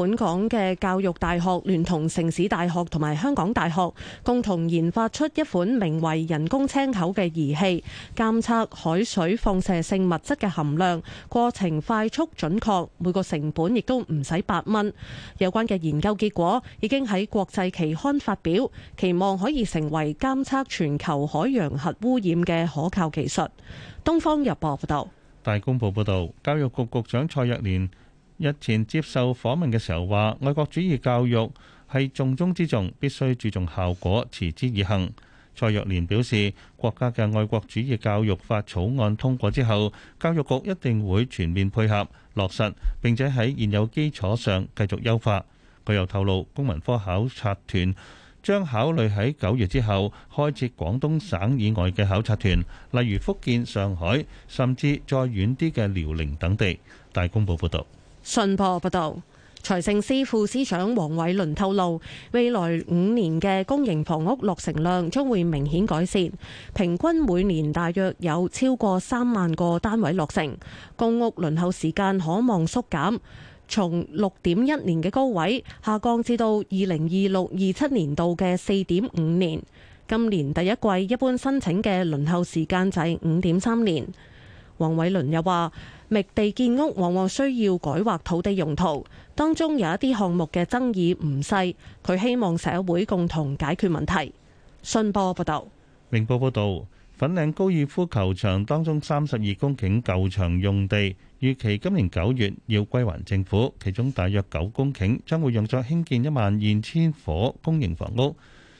本港嘅教育大學聯同城市大學同埋香港大學共同研發出一款名為人工青口嘅儀器，監測海水放射性物質嘅含量，過程快速準確，每個成本亦都唔使八蚊。有關嘅研究結果已經喺國際期刊發表，期望可以成為監測全球海洋核污染嘅可靠技術。東方日報報道。大公報報道，教育局局長蔡若蓮。日前接受訪問嘅時候，話愛國主義教育係重中之重，必須注重效果，持之以恆。蔡若蓮表示，國家嘅愛國主義教育法草案通過之後，教育局一定會全面配合落實，並且喺現有基礎上繼續優化。佢又透露，公民科考察團將考慮喺九月之後開設廣東省以外嘅考察團，例如福建、上海，甚至再遠啲嘅遼寧等地。大公報報導。信報報道，財政司副司長黃偉綸透露，未來五年嘅公營房屋落成量將會明顯改善，平均每年大約有超過三萬個單位落成，公屋輪候時間可望縮減，從六點一年嘅高位下降至到二零二六二七年度嘅四點五年。今年第一季一般申請嘅輪候時間就係五點三年。黃偉倫又話，覓地建屋往往需要改劃土地用途，當中有一啲項目嘅爭議唔細，佢希望社會共同解決問題。信報報道，明報報道，粉嶺高爾夫球場當中三十二公頃舊場用地，預期今年九月要歸還政府，其中大約九公頃將會用作興建一萬二千伙公營房屋。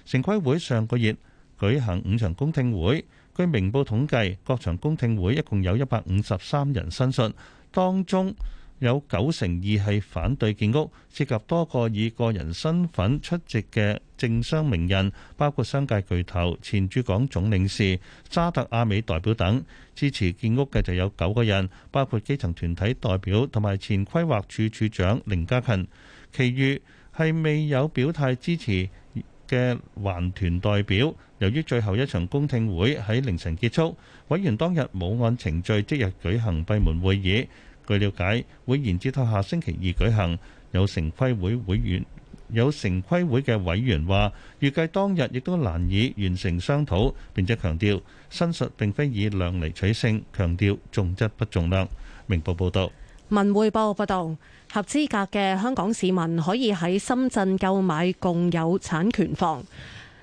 城規會上個月舉行五場公聽會。據明報統計，各場公聽會一共有一百五十三人申述，當中有九成二係反對建屋，涉及多個以個人身份出席嘅政商名人，包括商界巨頭、前駐港總領事、沙特阿美代表等。支持建屋嘅就有九個人，包括基層團體代表同埋前規劃處處長凌家勤，其餘係未有表態支持。嘅環團代表，由於最後一場公聽會喺凌晨結束，委員當日冇按程序即日舉行閉門會議。據了解，會延至到下星期二舉行。有城規會會員，有城規會嘅委員話，預計當日亦都難以完成商討，並且強調，新述並非以量嚟取勝，強調重質不重量。明報報導，文匯報報導。合資格嘅香港市民可以喺深圳購買共有產權房。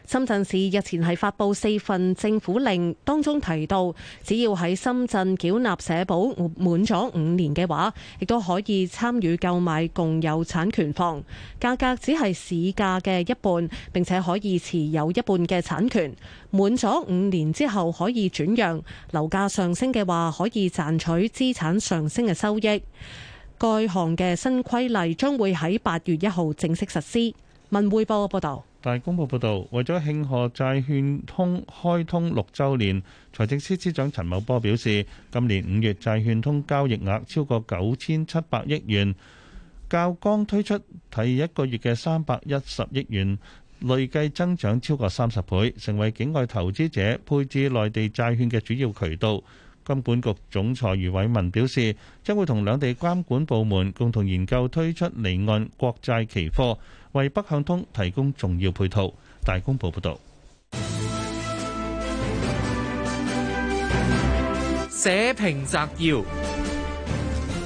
深圳市日前係發佈四份政府令，當中提到，只要喺深圳繳納社保滿咗五年嘅話，亦都可以參與購買共有產權房，價格只係市價嘅一半，並且可以持有一半嘅產權。滿咗五年之後可以轉讓，樓價上升嘅話，可以賺取資產上升嘅收益。該行嘅新規例將會喺八月一號正式實施。文匯報嘅報道，大公報報道，為咗慶賀債券通開通六週年，財政司司長陳茂波表示，今年五月債券通交易額超過九千七百億元，較剛推出第一個月嘅三百一十億元，累計增長超過三十倍，成為境外投資者配置內地債券嘅主要渠道。金管局總裁余偉文表示，將會同兩地監管部門共同研究推出離岸國債期貨，為北向通提供重要配套。大公報報道。社評摘要。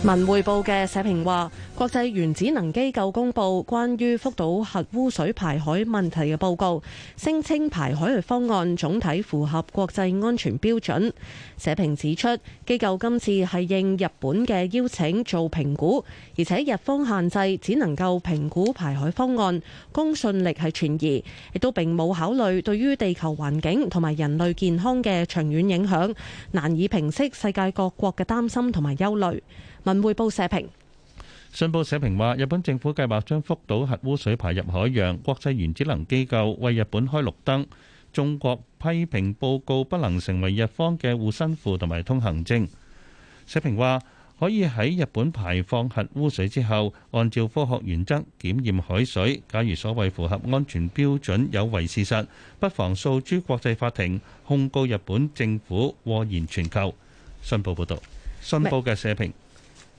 文匯報嘅社評話，國際原子能機構公布關於福島核污水排海問題嘅報告，聲稱排海嘅方案總體符合國際安全標準。社評指出，機構今次係應日本嘅邀請做評估，而且日方限制只能夠評估排海方案，公信力係存疑，亦都並冇考慮對於地球環境同埋人類健康嘅長遠影響，難以平息世界各國嘅擔心同埋憂慮。文匯報社評：信報社評話，日本政府計劃將福島核污水排入海洋。國際原子能機構為日本開綠燈。中國批評報告不能成為日方嘅護身符同埋通行證。社評話，可以喺日本排放核污水之後，按照科學原則檢驗海水。假如所謂符合安全標準有違事實，不妨訴諸國際法庭控告日本政府禍延全球。信報報道，信報嘅社評。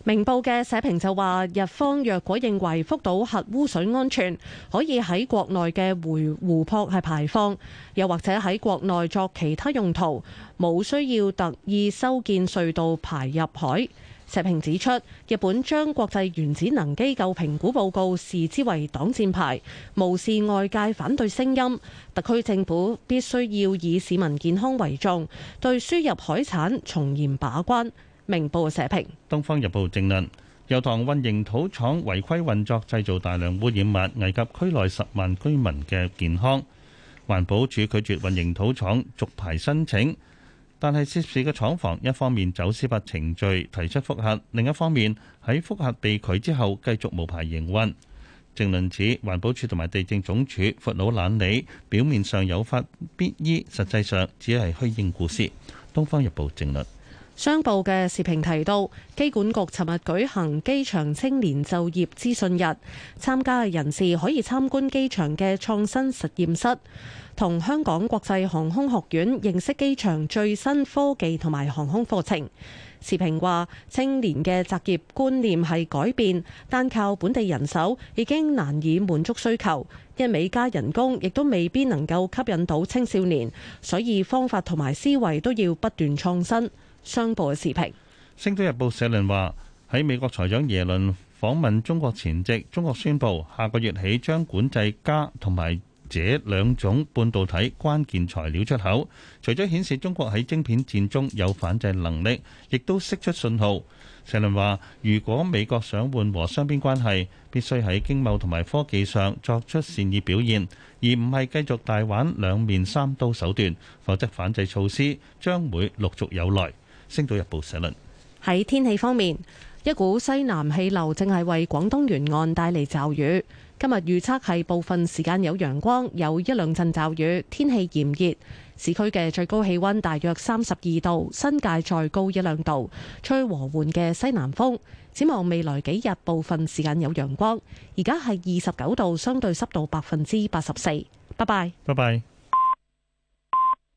明報嘅社評就話：日方若果認為福島核污水安全，可以喺國內嘅湖湖泊係排放，又或者喺國內作其他用途，冇需要特意修建隧道排入海。社評指出，日本將國際原子能機構評估報告視之為擋箭牌，無視外界反對聲音。特區政府必須要以市民健康為重，對輸入海產從嚴把關。明報社評。《東方日報》政論：油塘運營土廠違規運作，製造大量污染物，危及區內十萬居民嘅健康。環保署拒絕運營土廠續牌申請，但係涉事嘅廠房一方面走司法程序提出覆核，另一方面喺覆核被拒之後繼續無牌營運。政論指環保署同埋地政總署闊佬懶理，表面上有法必依，實際上只係虛應故事。《東方日報》政論。商報嘅視頻提到，機管局尋日舉行機場青年就業資訊日，參加嘅人士可以參觀機場嘅創新實驗室，同香港國際航空學院認識機場最新科技同埋航空課程。視頻話，青年嘅擇業觀念係改變，單靠本地人手已經難以滿足需求，一每加人工亦都未必能夠吸引到青少年，所以方法同埋思維都要不斷創新。商報視頻，《星島日報》社論話：喺美國財長耶倫訪問中國前夕，中國宣布下個月起將管制鎵同埋鍺兩種半導體關鍵材料出口。除咗顯示中國喺晶片戰中有反制能力，亦都釋出信號。社論話：如果美國想緩和雙邊關係，必須喺經貿同埋科技上作出善意表現，而唔係繼續大玩兩面三刀手段，否則反制措施將會陸續有來。星島日報社論：喺天氣方面，一股西南氣流正係為廣東沿岸帶嚟驟雨。今日預測係部分時間有陽光，有一兩陣驟雨。天氣炎熱，市區嘅最高氣溫大約三十二度，新界再高一兩度。吹和緩嘅西南風。展望未來幾日，部分時間有陽光。而家係二十九度，相對濕度百分之八十四。拜拜。拜拜。